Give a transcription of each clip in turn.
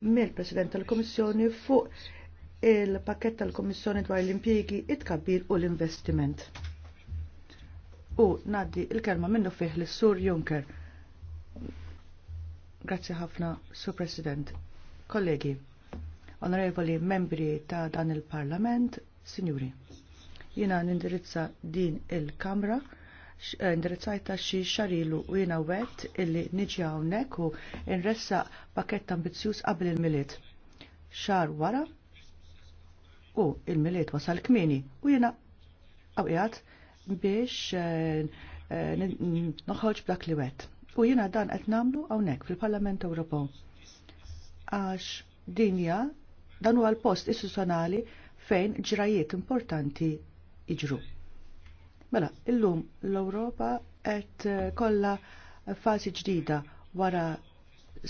mill-President tal-Komissjoni fuq il-pakket tal-Komissjoni dwar l-impjiegi it-kabbir u l-investiment. U naddi il-kelma minnu fih l sur Juncker. Grazzi ħafna, Sur President. Kollegi, onorevoli membri ta' dan il-Parlament, Signuri, jina nindirizza din il-Kamra Eh, ta' xi xarilu u jiena wet illi niġi hawnhekk u nressa pakett ambizzjuż qabel il-miliet. Xar wara u il-miliet wasal kmini u jiena għawqijat biex eh, eh, noħolġ b'dak li wet. U jiena dan qed nagħmlu hawnhekk fil-Parlament Ewropew. Għax dinja dan huwa l-post istituzzjonali fejn ġrajiet importanti jiġru. Mela, illum l-Ewropa qed eh, kollha fażi ġdida wara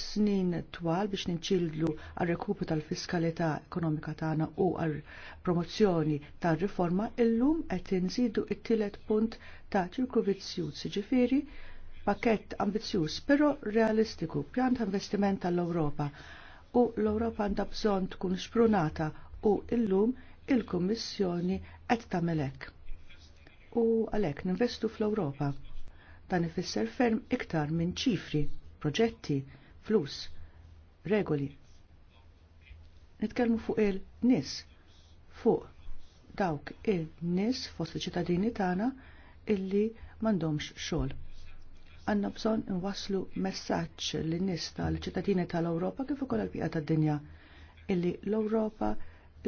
snin twal biex ninċildlu għal rekupu tal-fiskalità ekonomika tagħna u għal promozzjoni tar-riforma, illum qed inżidu it-tielet punt ta' ċirkuvizzjuż, ġifieri pakett ambizzjuż però realistiku, pjan ta' investiment tal-Ewropa. U l-Ewropa għandha bżonn tkun xprunata u illum il-Kummissjoni qed tagħmel hekk u għalhekk ninvestu fl-Ewropa. Dan ifisser ferm iktar minn ċifri, proġetti, flus, regoli. Nitkellmu fuq il-nies, fuq dawk il-nies fost il-ċittadini tagħna illi m'għandhomx xogħol. Għandna bżonn inwasslu messaġġ lin-nies tal-ċittadini tal-Ewropa kif ukoll għall-bqija tad-dinja illi l-Ewropa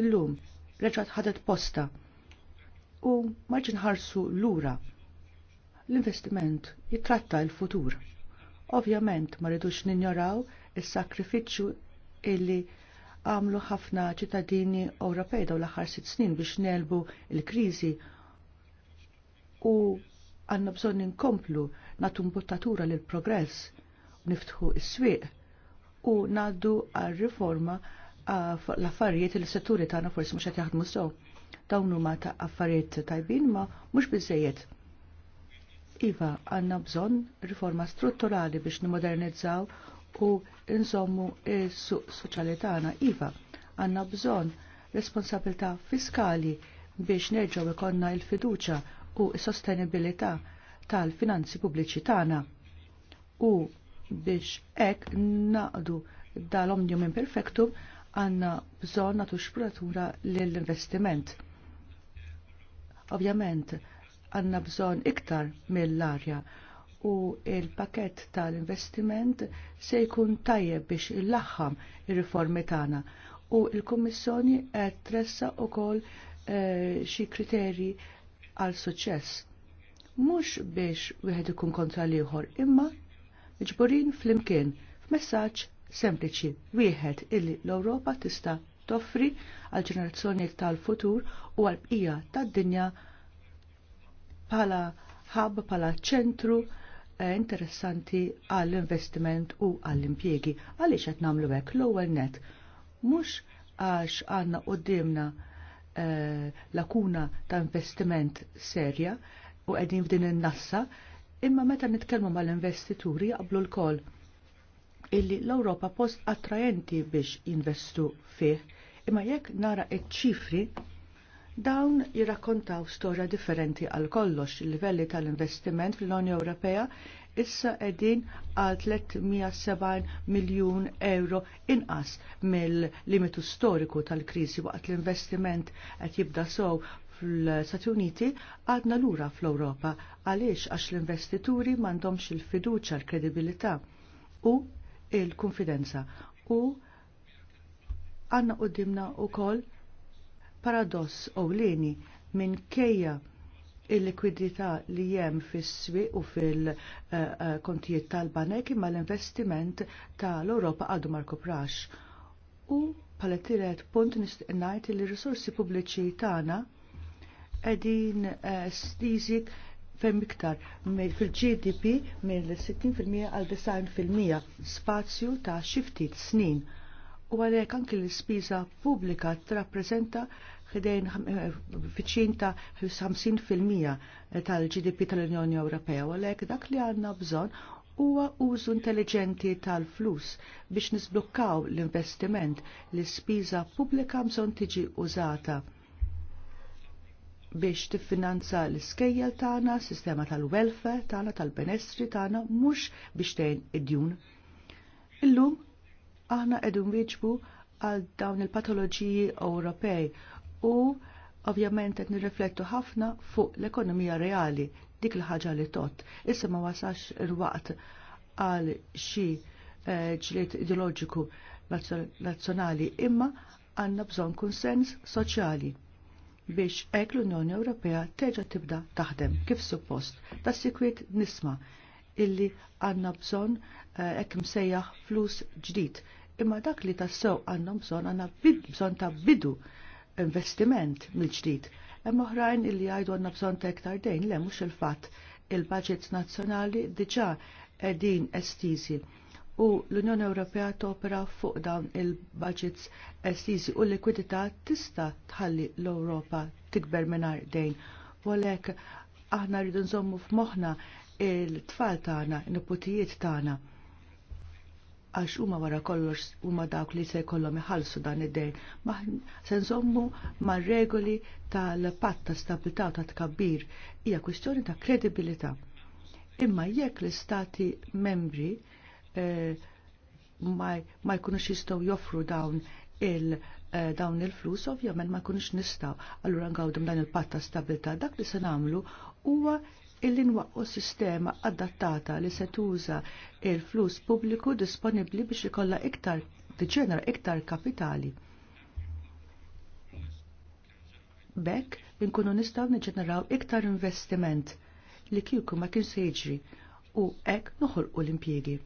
illum reġgħet ħadet posta u marġin ħarsu lura. L-investiment jitratta l-futur. Ovjament ma rridux ninjoraw is-sakrifiċċju illi għamlu ħafna ċittadini Ewropej daw l-aħħar sitt snin biex nelbu l-kriżi u għanna bżonn inkomplu nagħtu mbuttatura lil progress niftħu is-swieq u naddu għar riforma l-affarijiet il-setturi tagħna forsi mhux qed jaħdmu sew. Dawn huma ta' affarijiet tajbin ma mhux bizzejiet. Iva għandna bżonn riforma strutturali biex nimodernizzaw u nżommu s-suq tagħna. Iva għandna bżonn responsabilità fiskali biex nerġaw ikonna l-fiduċja u s-sostenibilità tal-finanzi pubbliċi tagħna. U biex hekk naqdu dal-omnium imperfectum għanna bżon natu xpuratura l-investiment. Ovjament, għanna bżon iktar mill-arja u il-pakett tal-investiment se jkun tajjeb biex il-laħħam ir-riformi tagħna u l-Kummissjoni qed tressa wkoll e, xi kriterji għal suċċess. Mhux biex wieħed ikun kontra liħor ieħor imma miġburin flimkien f'messaġġ sempliċi wieħed illi l-Ewropa tista' toffri għal ġenerazzjonijiet tal-futur u għal bqija tad-dinja bħala ħabb bħala ċentru eh, interessanti għall-investiment u għall-impjegi. Għaliex qed nagħmlu hekk l-ewwel net. Mhux għax għandna qudiemna eh, lakuna ta' investiment serja u qegħdin f'din in-nassa, imma meta nitkellmu mal-investituri jaqblu l-koll illi l-Ewropa post attrajenti biex jinvestu fih, imma jekk nara iċ-ċifri Dawn jirrakkontaw storja differenti għal kollox il-livelli tal-investiment fl-Unjoni Ewropea issa edin għal 370 miljun euro inqas mill-limitu storiku tal-kriżi waqt l-investiment qed jibda sow fl-Stati Uniti għadna lura fl-Ewropa għaliex għax l-investituri m'għandhomx il-fiduċa l-kredibilità u il-konfidenza u għanna dimna u kol paradoss ewlieni minn kejja il-likwidità li jem fis-swi u fil-kontijiet tal-banek imma l-investiment tal-Europa għadu marko prax. U paletiret punt nistiqnajt li risorsi pubbliċi tagħna edin stizik uh, fem iktar fil-GDP minn 60% għal 90% spazju ta' xiftit snin. U għalhekk anki l-ispiża pubblika trappreżenta ħdejn fiċin eh, ta' 50% tal-GDP tal-Unjoni Ewropea. U għalhekk dak li għandna bżonn huwa użu intelligenti tal-flus biex nisblukkaw l-investiment l spiża pubblika bżonn tiġi użata biex tiffinanza l-iskejjel tagħna, sistema tal-welfare tagħna, tal-benestri tagħna, mhux biex tgħin id-djun. Illum aħna qegħdin wieġbu għal dawn il-patoloġiji Ewropej u ovvjament qed nirriflettu ħafna fuq l-ekonomija reali dik il-ħaġa li tot. Issa ma wasax ir-waqt għal xi eh, ġlied ideoloġiku nazzjonali imma għandna bżonn kunsens soċjali biex ek l-Unjoni Ewropea terġa' tibda taħdem kif suppost. Ta' sikwit nisma' illi għandna bżonn eh, hekk msejjaħ flus ġdid. Imma dak li tas-sew għandna bżonn għandna bżonn ta' bidu investiment mill-ġdid. Hemm oħrajn illi jgħidu għandna bżonn ta' ektar dejn le mhux il-fatt il-budgets nazzjonali diġà qegħdin estizi u l-Unjoni Ewropea topera fuq dawn il-budgets estizi u l-likwidità tista' tħalli l-Ewropa tikber mingħajr dejn. U għalhekk aħna rridu nżommu f'moħħna il-tfal tagħna, in nipotijiet tagħna għax huma wara kollox huma dawk li se jkollhom iħallsu dan id-dejn. se nżommu mar-regoli tal-patt ta' stabilità u ta' tkabbir hija kwistjoni ta' kredibilità. Imma jekk l-istati membri Eh, ma jkunux jistgħu joffru dawn il- eh, dawn il-flus ovvjament ma jkunux nistgħu allura ngawdum dan il-patta stabilta, dak li se nagħmlu huwa illi nwaqqu sistema adattata li se tuża il-flus pubbliku disponibbli biex ikollha iktar tiġenera iktar kapitali. Bekk inkunu nistgħu niġeneraw iktar investiment li kieku ma kien se jiġri u hekk noħolqu l-impjiegi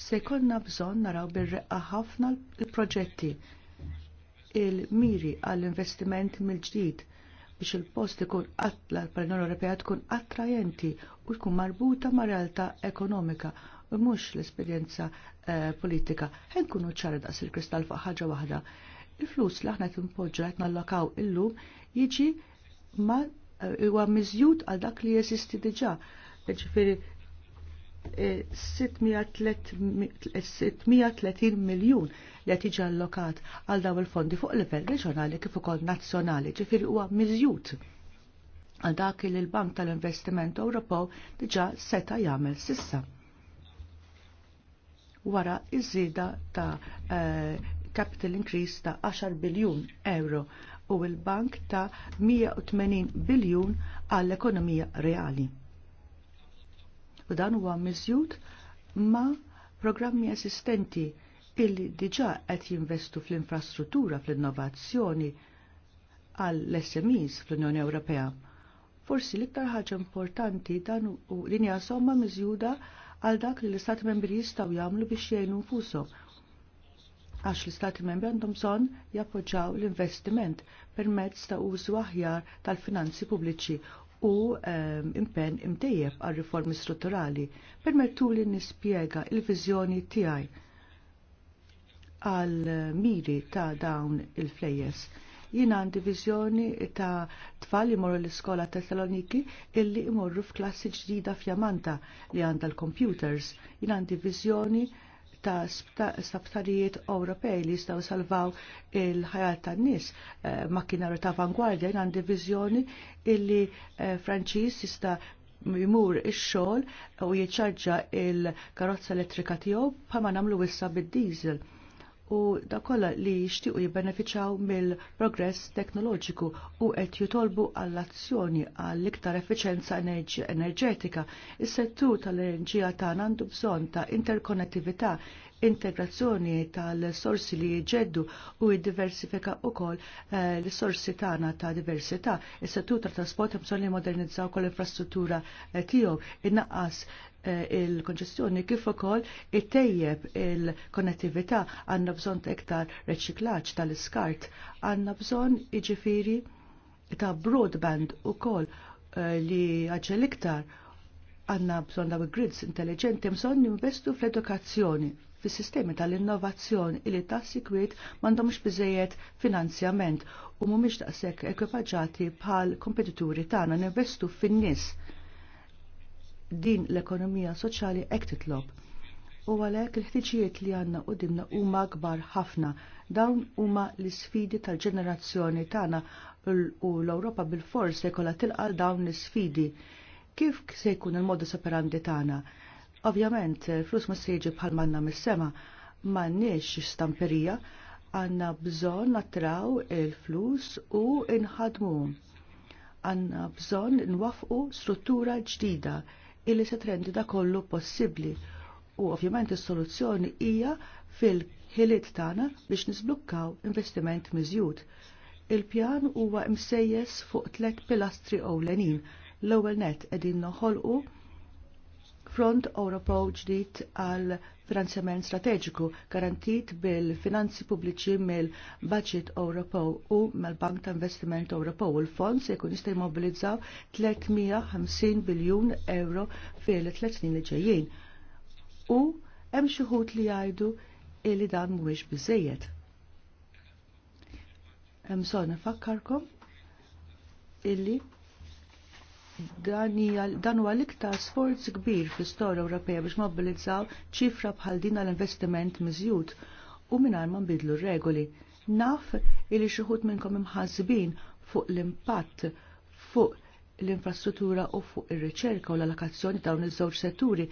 se jkollna bżonn naraw bir-reqqa ħafna l-proġetti il-miri għall-investiment mill-ġdid biex il-post ikun għatla l-Parlament Ewropea tkun attrajenti u tkun marbuta ma' realtà ekonomika u mhux l-esperjenza eh, politika. Ħen kunu ċara daqs il-kristall fuq ħaġa waħda. Il-flus li aħna timpoġġu qed nallokaw illum jiġi ma' eh, huwa miżjud għal dak li jeżisti diġà ġifiri 630 miljun li qed jiġi allokat għal daw il-fondi fuq livell reġjonali kif ukoll nazzjonali, ġifir huwa miżjud għal dak li l-Bank tal-Investiment Ewropew diġà seta' jagħmel sissa. Wara iż-żieda ta' capital increase ta' 10 biljun euro u l-bank ta' 180 biljun għall-ekonomija reali u dan huwa miżjud ma' programmi assistenti illi diġa qed jinvestu fl-infrastruttura fl-innovazzjoni għall smes fl-Unjoni Ewropea. Forsi l-iktar ħaġa importanti dan u linja somma miżjuda għal dak li l-Istati membri jistgħu jagħmlu biex jgħinu nfushom. Għax l-Istati membri għandhom bżonn jappoġġaw l-investiment permezz ta' użu aħjar tal-finanzi pubbliċi u ehm, impenn imdejjeb għal riformi strutturali permettu li nispjega il-vizjoni tiegħi għal miri ta' dawn il-flejjes. Jina għandi vizjoni ta' tfal imorru l-iskola Thessaloniki illi imorru f'klassi ġdida f'Jamanta li għandha l-computers. Jina għandi vizjoni ta' sabtarijiet Ewropej li jistgħu salvaw il-ħajat tan-nies kien eh, makkinaru ta' avangwardja jien divizjoni illi Franċis eh, Franċiż jista' jimur ix-xogħol u jiċċarġa il-karozza elettrika tiegħu bħalma nagħmlu issa bid-diesel u da kolla li jixtiequ jibbenefiċaw mill-progress teknoloġiku u qed jitolbu għall-azzjoni għall-iktar efficienza enerġetika. Is-settur tal-enerġija tagħna għandu bżonn ta' interkonnettività, integrazzjoni tal-sorsi li jġeddu u jiddiversifika wkoll eh, l-sorsi tagħna ta' diversità. Is-settur tal trasport bżonn li modernizzaw kol infrastruttura eh, tiegħu, innaqqas Eh, il konġestjoni kif ukoll itejjeb il-konnettività għandna bżonn ta' iktar reċiklaġġ tal-iskart, għandna bżonn iġifieri ta' broadband ukoll eh, li għaġġel iktar għandna bżonn daw grids intelligenti bżonn investu fl-edukazzjoni, fis sistemi tal-innovazzjoni li ta' sikwiet m'għandhomx biżejjed finanzjament u mhumiex daqshekk ekwipaġġati bħal kompetituri tagħna ninvestu fin-nies din l-ekonomija soċjali hekk titlob. U għalhekk il-ħtiġijiet li għandna qudiemna huma kbar ħafna. Dawn huma l-isfidi tal-ġenerazzjoni tagħna u l-Ewropa bil-fors se jkollha tilqal dawn l-isfidi. Kif se jkun il-modus operandi tagħna? Ovvjament, flus ma se jiġi bħal manna mis-sema, m'għandniex stamperija, għanna bżon nattraw il-flus u inħadmu. Għanna bżon nwafqu struttura ġdida illi se trendi da kollu possibbli. U ovvjament is-soluzzjoni hija fil-ħiliet tagħna biex nisblukkaw investiment miżjud. Il-pjan huwa msejjes fuq tliet pilastri ewlenin. L-ewwel net qegħdin noħolqu front Ewropew ġdid għal finanzjament strateġiku garantit bil-finanzi pubbliċi mill-Budget Ewropew u mill-Bank ta' Investiment Ewropew. Il-fond se jkun jista' jmobilizzaw 350 biljun euro fil tliet snin li ġejjin. U hemm xi li jgħidu li dan mhuwiex biżejjed. Hemm bżonn nifakkarkom illi dan huwa l-iktar sforz kbir fl-istorja Ewropea biex mobilizzaw ċifra bħal din għall-investiment miżjud u mingħajr ma nbidlu regoli. Naf li xi ħut minnkom imħassbin fuq l-impatt fuq l-infrastruttura u fuq ir-riċerka u l-allokazzjoni dawn iż-żewġ setturi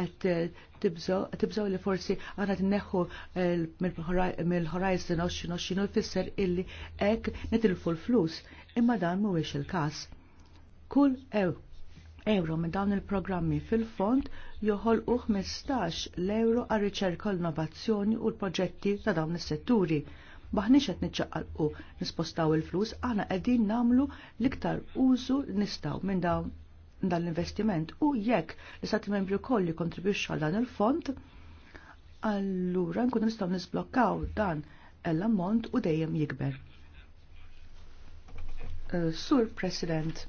qed eh, tibżgħu li forsi għandna tneħħu eh, mill-Horizon 2020 u jfisser illi hekk nitilfu l-flus imma dan mhuwiex il-każ Kull ew euro minn dawn il-programmi fil-fond joħol u 15 l-euro għal riċerka l-innovazzjoni u l-proġetti ta' dawn is-setturi. Baħniex qed niċċaqalqu nispostaw il-flus aħna qegħdin namlu l-iktar użu nistaw minn dawn l investiment u jekk l-istati membri kolli kontribwixxu għal dan il-fond, allura nkunu nistgħu nisblokkaw dan l-ammont u dejjem jikber. Eh, Sur President,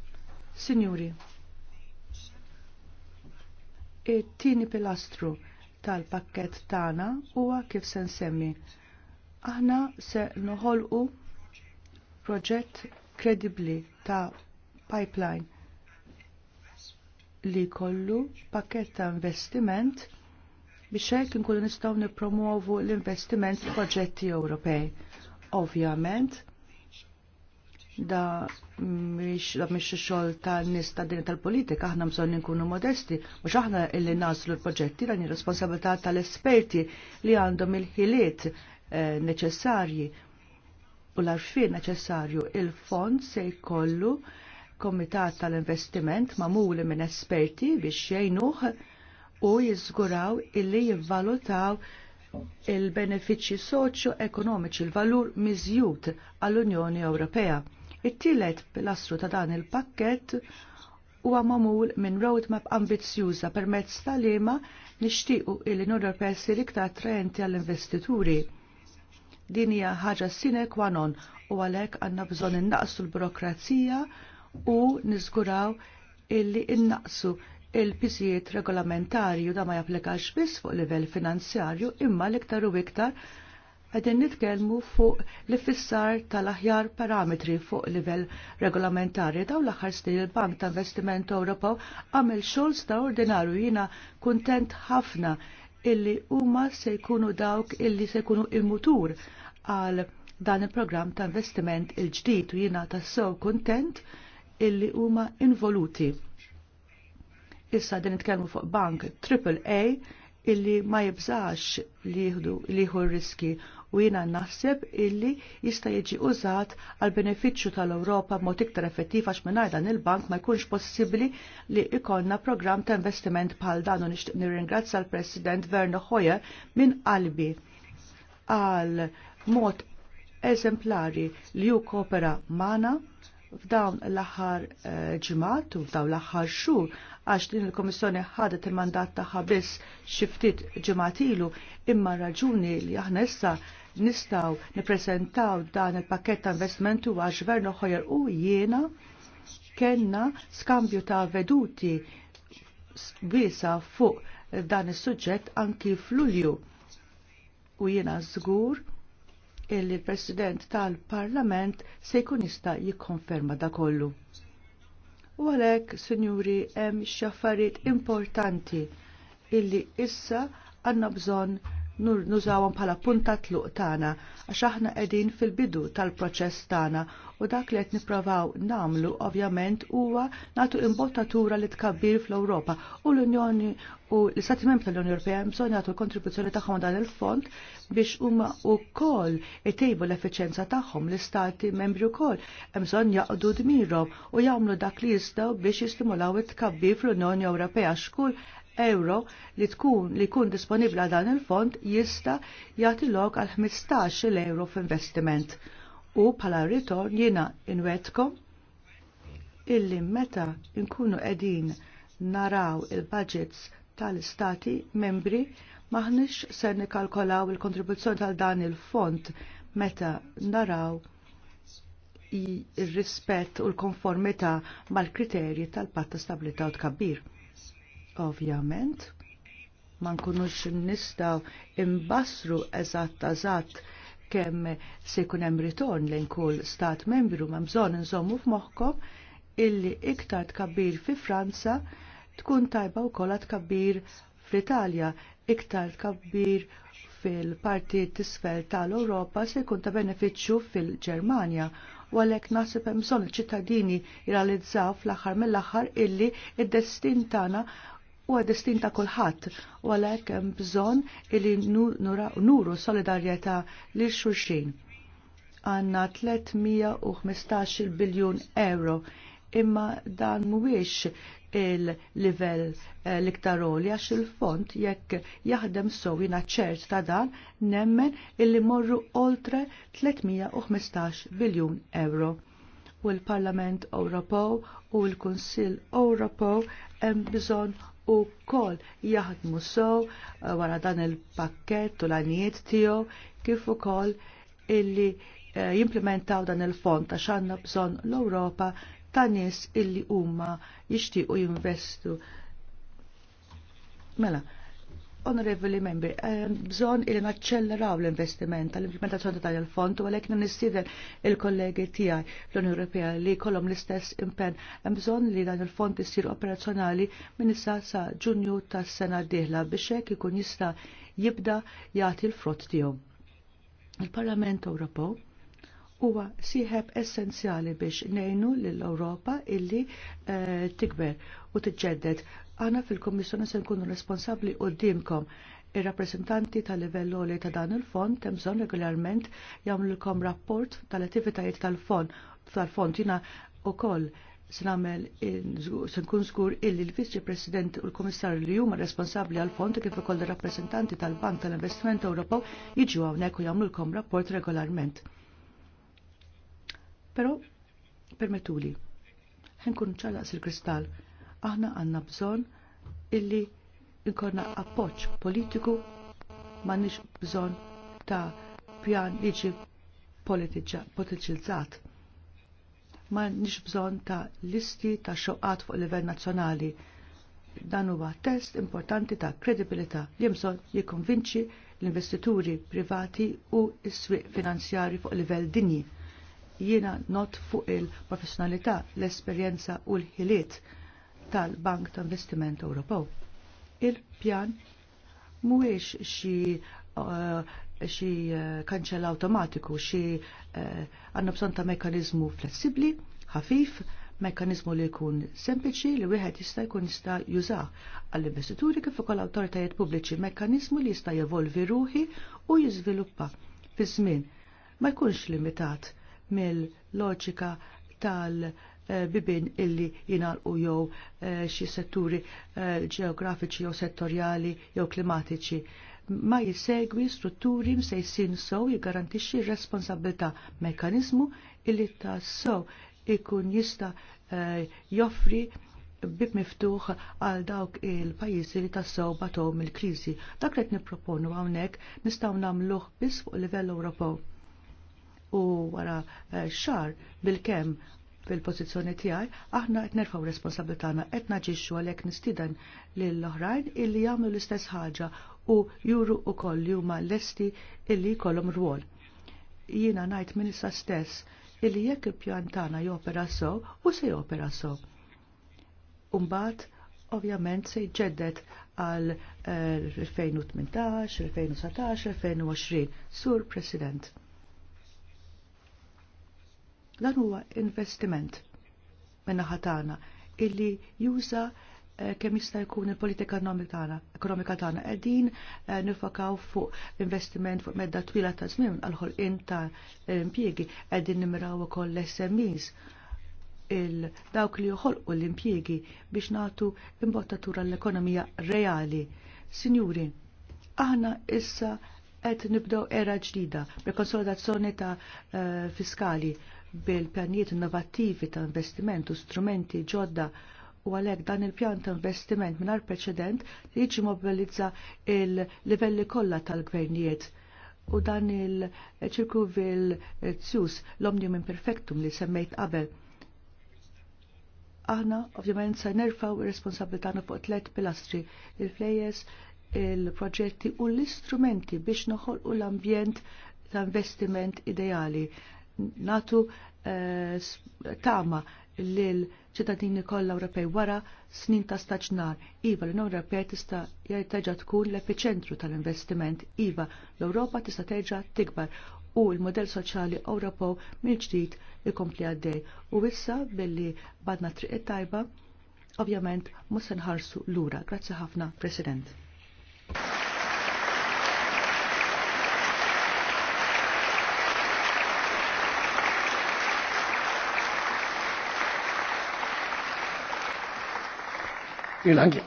Signori, it-tieni pilastru tal-pakket tagħna huwa kif se nsemmi. Aħna se noħolqu proġett kredibbli ta' pipeline li kollu pakket ta' investiment biex hekk inkunu nistgħu nippromuovu l-investiment f'proġetti Ewropej. Ovvjament, da mhix da mish xogħol tan-nies din tal-politika aħna bżonn inkunu modesti mhux aħna illi naslu l-proġetti dan ir-responsabilità tal-esperti li għandhom il-ħiliet eh, neċessarji u l-arfin neċessarju il-fond se jkollu komitat tal-investiment mamuli minn esperti biex jgħinuh u jiżguraw illi jivvalutaw il-benefiċċji soċjo-ekonomiċi l-valur miżjud għall-Unjoni Ewropea. It-tielet pilastru ta' dan il-pakket huwa mamul minn roadmap ambizzjuża permezz tal-liema nixtiequ il-Unjoni Ewropea ssir iktar attraenti għall-investituri. Din hija ħaġa sine qua non u għalhekk għandna bżonn innaqsu l-burokrazija u niżguraw illi innaqsu il-pisijiet regolamentari u da ma japplikax biss fuq livell finanzjarju imma l-iktar u iktar għedin nitkelmu fuq li fissar tal-aħjar parametri fuq livell regolamentari. Daw l-aħħar stil il-Bank ta' Investiment Ewropew għamel xogħol straordinarju jiena kuntent ħafna illi huma se jkunu dawk illi se jkunu il-mutur għal dan il-programm ta' investiment il-ġdid u jiena so kuntent illi huma involuti issa din nitkellmu fuq bank AAA illi ma jibżax li jieħdu riski u jina naħseb illi jista' jiġi użat għal benefiċċju tal-Ewropa mod iktar effettiv għax mingħajr dan il-bank ma jkunx possibbli li ikollna programm ta' investiment bħal dan u nixtieq nirringrazzja l-President Werner Hoyer minn qalbi għal mod eżemplari li ju kopera mana f'dawn l-aħħar eh, ġimgħat u f'dawn l-aħħar xhur għax din il-Komissjoni ħadet il-mandat tagħha biss xi ftit ġimgħat ilu imma raġuni li aħna issa nistgħu nippreżentaw dan il-pakkett ta' investiment għal għax ħojer u jiena kellna skambju ta' veduti wiesa fuq dan is-suġġett anki f'Lulju. U jiena żgur illi l-President tal-Parlament se jkun jista' jikkonferma da kollu. U għalhekk, Sinjuri, hemm xi affarijiet importanti illi issa għandna bżonn nużawhom bħala punta tluq tagħna għax aħna qegħdin fil-bidu tal-proċess tagħna u dak li qed nippravaw nagħmlu ovvjament huwa nagħtu imbottatura li tkabbir fl-Ewropa u l-Unjoni u l-Istati Membri tal-Unjoni Ewropea bżonn jagħtu l-kontribuzzjoni tagħhom dan il-fond biex huma wkoll itejbu l-effiċenza tagħhom l-Istati Membri wkoll hemm bżonn jaqdu dmirhom u jagħmlu dak li jistgħu biex jistimulaw it-tkabbir fl-Unjoni Ewropea xkull euro li tkun li kun disponibla dan il-fond jista jagħti lok għal 15 euro f'investiment. U bħala ritorn jiena inwetkom illi meta nkunu qegħdin naraw il-budgets tal-istati membri maħnix se nikalkolaw il-kontribuzzjoni tal dan il-fond meta naraw ir rispett u l-konformità mal-kriterji tal-patta stabilita u tkabbir. Ovvjament, ma nkunux nistaw imbasru eżatt eżatt kemm se jkun hemm ritorn lejn kull stat membru ma bżonn nżommu f'moħħkom illi iktar tkabbir fi Franza tkun tajba wkoll tkabbir fl-Italja, iktar tkabbir fil-parti tisfel tal-Ewropa se jkun ta' benefiċċju fil-Ġermanja u għalhekk naħseb hemm bżonn iċ-ċittadini jirrealizzaw fl-aħħar mill-aħħar illi id-destin tagħna u għad-destin ta' kulħadd u għalhekk hemm bżonn illi nuru solidarjetà lil xulxin. Għanna 315 biljun euro imma dan mhuwiex il-livell eh, l-iktar għax il-font jekk jaħdem sew ċert ta' dan nemmen illi morru oltre 315 biljun euro. U l-Parlament Ewropew u l-Kunsill Ewropew hemm bżonn u kol jaħdmu sow eh, wara dan il-pakket u l għanijiet tiegħu kif ukoll illi eh, jimplementaw dan il-fond ta' xanna bżon l-Ewropa ta' nies illi huma jixtiequ jinvestu. Mela, Onorevoli membri, eh, bżon il naċċelleraw l-investiment tal-implementazzjoni tal-fond u għalek n-nissider il-kollegi tijaj l unjoni Ewropea li kolom l-istess impen. Bżon li dan il-fond jisir operazzjonali minn issa sa ġunju tas sena diħla biex hekk ikun jista' jibda jagħti l-frott tiegħu. Il-Parlament Ewropew huwa sieħeb essenzjali biex nejnu lill-Ewropa illi eh, tikber u tiġġedded Għana fil-Kommissjoni se nkunu responsabli dimkom ir-rappresentanti tal livell li ta' dan il-fond hemm bżonn regolarment jagħmlulkom rapport tal-attivitajiet tal-fond tal-fond jina u se sinamel se nkun żgur illi l-Viċi President u l-Kummissarju li huma responsabbli għal fond kif ukoll ir-rappreżentanti tal-Bank tal-Investiment Ewropew jiġu hawnhekk u jagħmlulkom rapport regolarment. Però permettuli, ħenkun ċarlaqs il-kristall aħna għanna bżon illi inkorna appoċ politiku manix bżon ta' pjan liġi politiċizzat. Ma nix bżon ta' listi ta' xoqat fuq livell nazzjonali. Dan huwa test importanti ta' kredibilità li jemson jikkonvinċi l-investituri privati u s-swieq finanzjari fuq livell dinji. Jiena not fuq il-professionalità, l-esperjenza u l-ħiliet tal-Bank ta' Investiment Ewropew. Il-pjan mhuwiex xi uh, xi eh, kanċell awtomatiku, xi eh, għandna bżonn ta' mekkaniżmu flessibbli, ħafif, mekanizmu li jkun sempliċi li wieħed jista' jkun jista' juża għall-investituri kif ukoll awtoritajiet pubbliċi mekkaniżmu li jista' jevolvi ruħi u jiżviluppa fi żmien ma jkunx limitat mill-loġika tal- Eh, bibin illi u jew eh, xi setturi eh, ġeografiċi jew settorjali jew klimatiċi ma jissegwi strutturi msejsin sow jgarantixxi responsabilità mekkaniżmu illi ta' so ikun jista' joffri bib miftuħ għal dawk il-pajjiżi li tassaw batow il kriżi Dak qed nipproponu hawnhekk nistgħu nagħmluh biss fuq livell Ewropew. U wara xar bil kem fil-pozizjoni tiegħi, aħna qed nerfgħu responsabilitana qed naġixxu għalhekk nistieden lill oħrajn illi jagħmlu l-istess ħaġa u juru wkoll li huma lesti illi jkollhom rwol. Jiena ngħid minn issa stess illi jekk il-pjan tagħna jopera so u se jopera so. Umbagħad ovvjament se jġeddet għal 2018, 2019, 2020. Sur President. Dan huwa investiment minna ħatana illi juża eh, kemm jista' jkun il-politika ekonomika tagħna qegħdin eh, nifakaw fuq investiment fuq medda twila ta' żmien għall-ħolqien ta' impjiegi qegħdin nimraw ukoll l-SMEs il dawk li joħolqu l-impjiegi biex nagħtu imbottatura l-ekonomija reali. Sinjuri, aħna issa qed nibdew era ġdida bil-konsolidazzjoni ta' eh, fiskali bil-pjanijiet innovattivi ta' investiment u strumenti ġodda u għalek dan il-pjan ta' investiment minar preċedent li jiġi mobilizza il-livelli kollha tal-gvernijiet u dan il-ċirku vil-tzjus l-omnium imperfectum li semmejt qabel. Aħna ovvjament se nerfaw ir-responsabilitana fuq tliet pilastri il-flejes, il-proġetti u l-istrumenti biex noħolqu l-ambjent ta' investiment ideali natu eh, tama lil ċittadini kollha Ewropej wara snin ta' staġnar. Iva l-Unjoni Ewropea tista' terġa' tkun l-epiċentru tal-investiment. Iva l-Ewropa tista' terġa' tikbar u l-modell soċjali Ewropew mill-ġdid ikompli għaddej. U issa billi badna triq it-tajba, ovvjament mhux se nħarsu lura. Grazzi ħafna, President. Grazie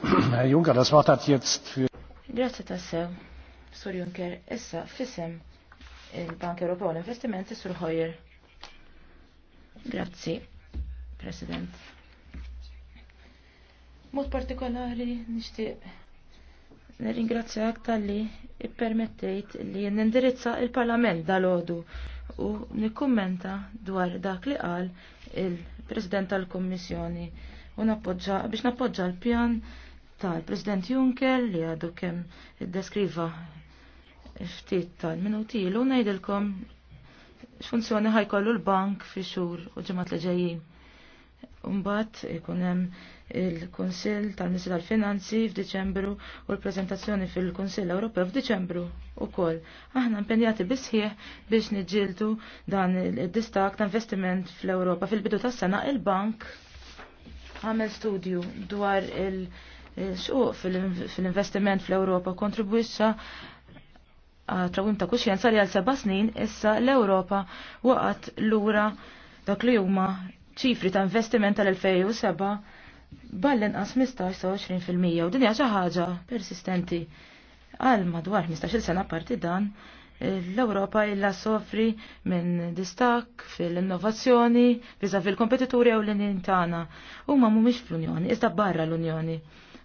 tassew, Sur Juncker. Issa, fissem il-Bank Ewropew l-Investimenti Sur Hoyer. Grazzi, President. Mod partikolari nixtieq nirringrazzjak tal-li ippermettejt li nindirizza il-Parlament dal-ħodu u nikkummenta dwar dak li qal il-President tal-Kommissjoni u nappoġġa biex nappoġġa l-pjan tal-President Juncker li għadu kemm iddeskriva ftit tal-minuti ilu ngħidilkom x'funzjoni ħajkollu l-bank fi xhur u ġimgħat li ġejjin. Umbat ikun hemm il-Kunsill tal-Ministru tal-Finanzi f'Diċembru u l-preżentazzjoni fil-Kunsill Ewropew f'Diċembru ukoll. Aħna impenjati bisħieħ biex niġġieldu dan id-distak ta' investiment fl-Ewropa fil-bidu tas-sena il-bank għamel studju dwar il xuq fil-investiment fl-Europa kontribwissa trawim ta' kuxjenza li għal seba snin issa l-Europa waqat l-ura dak li huma ċifri ta' investiment tal-2007 ballen għas 15-20% u din hija xi ħaġa persistenti għal madwar 15-il sena parti dan l-Europa illa soffri minn distak fil-innovazzjoni, viza fil-kompetituri u l-inin tana. U ma mumiex fl-Unjoni, iżda barra l-Unjoni.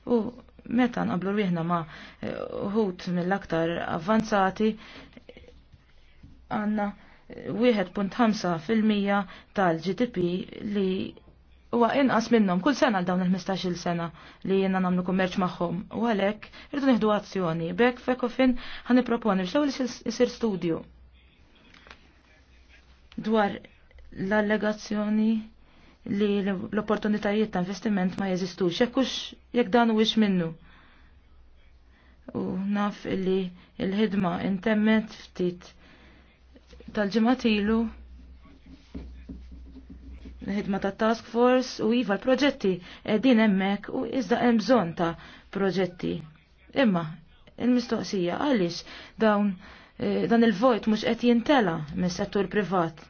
U meta nqablu rwieħna ma eh, uħut mill-aktar avvanzati għanna 1.5% eh, tal-GDP li huwa inqas minnhom kull sena għal dawn il-15-il sena li jiena nagħmlu kummerċ magħhom. U għalhekk irdu nieħdu azzjoni. Bekk fekofin ħan nipproponi l-ewwel isir studju dwar l-allegazzjoni li l-opportunitajiet ta' investiment ma jeżistux, jekkux jekk dan huwiex minnu. U naf li l-ħidma intemmet ftit tal-ġimgħat ilu l-ħidma ta' task force u iva l-proġetti din hemmhekk u iżda hemm bżonn ta' proġetti. Imma il-mistoqsija għaliex dawn eh, dan il-vojt mhux qed jintela mis-settur privat.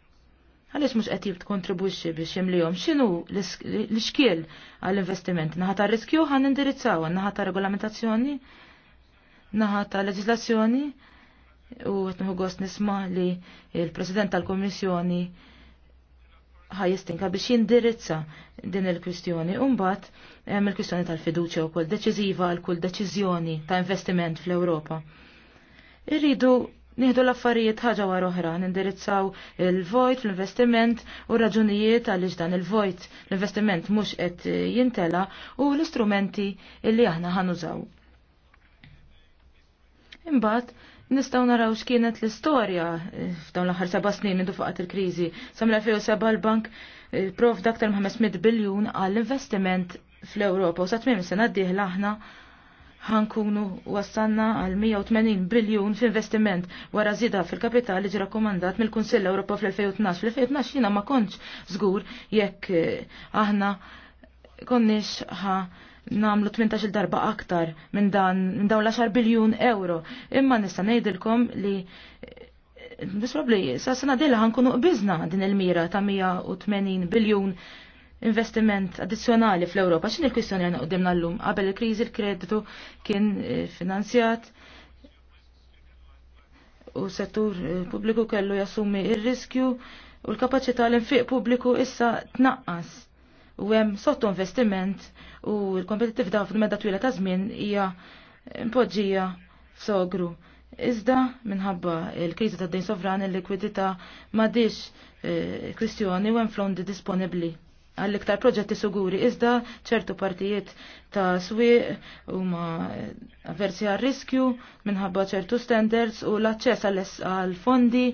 Għaliex mhux qed jibt-kontribuċi biex jimlijom x'inhu l-xkiel għall-investiment naħa ta' riskju ħan indirizzawa, naħa ta' regolamentazzjoni, naħa ta' leġislazzjoni u qed gost nisma' li l-President tal komissjoni ħajistinka biex jindirizza din il-kwistjoni. Umbat, hemm il-kwistjoni tal-fiduċja wkoll deċiżiva għal kull deċiżjoni ta' investiment fl-Ewropa. Irridu Nieħdu l-affarijiet ħaġa wara oħra, nindirizzaw il-vojt fl-investiment u raġunijiet għaliex dan il-vojt l-investiment mhux qed jintela u l-istrumenti illi aħna ħanużaw. Imbagħad nistgħu naraw x'kienet l-istorja eh, f'dawn l-aħħar seba' snin intu faqat il-kriżi. Sam l 2007 l-bank prof daktar 500 biljun għall-investiment fl-Ewropa u sa tmiem sena d-dieħla aħna ħankunu wassanna għal 180 biljun f'investiment wara zida fil-kapitali ġi rakkomandat mill-Kunsill Ewropa fl-2012. Fl-2012 jiena ma kontx żgur jekk eh, aħna konniex ħa namlu 18 darba aktar minn dan minn dawn l-10 biljun euro. Imma nista' ngħidilkom li bis sa sena dilha ħankunu qbiżna din il-mira ta' 180 biljun investiment addizzjonali fl-Ewropa. X'in il-kwistjoni għandna qudiem llum qabel il-kriżi l-kreditu kien eh, finanzjat u settur eh, pubbliku kellu jassumi ir-riskju u l-kapaċità l-infiq pubbliku issa tnaqqas u hemm sotto investiment u l-kompetittività fil-medda twila ta' żmien hija mpoġġija f'sogru. Iżda minħabba il-kriżi tad dejn sovran il-likwidità m'għadix eh, kwistjoni u hemm flondi disponibbli għall-iktar proġetti suguri. Iżda ċertu partijiet ta' swieq huma avversi għal riskju minħabba ċertu standards u l-aċċess għall-fondi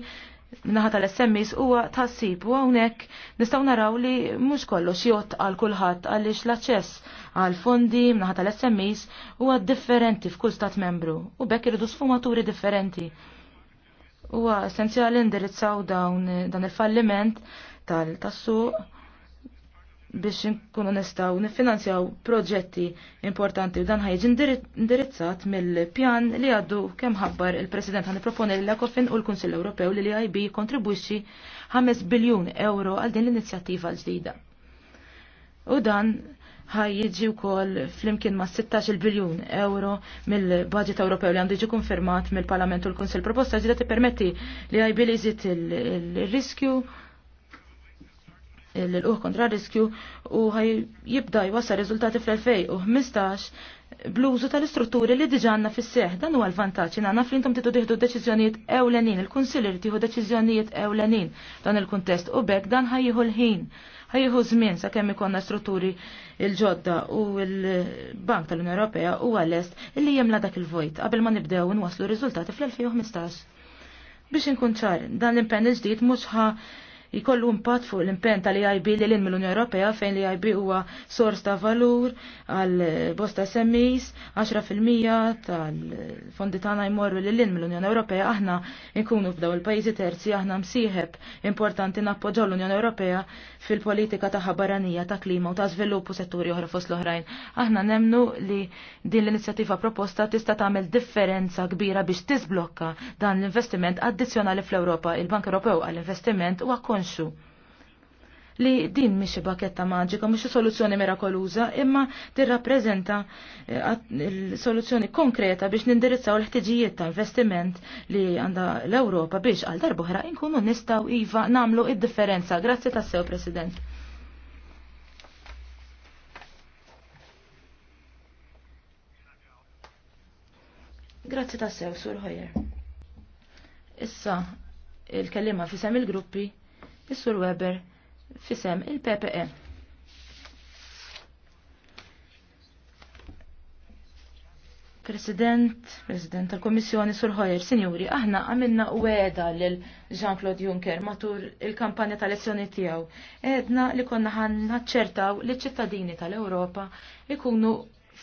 N-naħa tal-SMIs huwa tassib u hawnhekk nistgħu naraw li mhux kollox jott għal kulħadd għaliex l-aċċess għal fondi min-naħa tal-SMIs huwa differenti f'kull stat membru u bekk irridu sfumaturi differenti. Huwa essenzjali indirizzaw dawn dan il-falliment tal-tassuq biex nkunu nistaw nifinanzjaw proġetti importanti u dan ħajġi indirizzat mill-pjan li għaddu kemm ħabbar il-President għan proponi l ekofin u l-Kunsill Ewropew li l-IB kontribwixxi 5 biljun euro għal din l-inizjattiva l-ġdida. U dan ħaj jiġi wkoll flimkien ma' 16 biljun euro mill-budget Ewropew li għandu jiġi konfermat mill-Parlament u l-Kunsill. Proposta ġdida tippermetti li e IB li il-riskju il riskju l-uħ kontra riskju u ħaj jibda jwassa rizultati fl-2015 bluzu tal-istrutturi li diġanna fis seħ dan huwa l-vantaġġ in għandna flintom titu tieħdu deċiżjonijiet ewlenin, il-kunsilli tieħu deċiżjonijiet ewlenin dan il-kuntest u bekk dan ħajjieħu l-ħin ħajjieħu żmien sakemm ikonna strutturi il-ġodda u l-Bank tal-Unjoni Ewropea huwa lest illi jemla dak il-vojt qabel ma nibdew nwaslu riżultati fl-2015. Biex inkun ċar, dan l-impenn il-ġdid mhux jkollu impatt fuq l impen tal-EIB li l-in mill-Unjoni Ewropea fejn l-EIB huwa sors ta' valur għal bosta semmis, 10% tal-fondi tagħna jmorru l in mill-Unjoni Ewropea aħna nkunu f'daw il-pajjiżi terzi aħna msieħeb importanti nappoġġaw l-Unjoni Ewropea fil-politika ta' ħabaranija ta' klima u ta' żvilupp setturi oħra fost l-oħrajn. Aħna nemnu li din l-inizjattiva proposta tista' tagħmel differenza kbira biex tiżblokka dan l-investiment addizzjonali fl-Ewropa. Il-Bank Ewropew għall-investiment huwa konxu li din mhix baketta maġika, mhix soluzzjoni mirakoluża, imma tirrappreżenta eh, soluzzjoni konkreta biex nindirizzaw l-ħtiġijiet ta' investiment li għandha l-Ewropa biex għal darbohra inkunu nistaw iva namlu id-differenza. Grazzi tassew, President. Grazzi tassew, Sur Hoyer. Issa, il-kellima fisem il-gruppi Is-Sur Weber fisem il-PPE. President, President tal-Komissjoni Sur Hoyer, Sinjuri, aħna għamilna weda lil Jean-Claude Juncker matur il-kampanja tal-elezzjoni tiegħu. Edna li konna ħan naċċertaw li ċittadini tal europa ikunu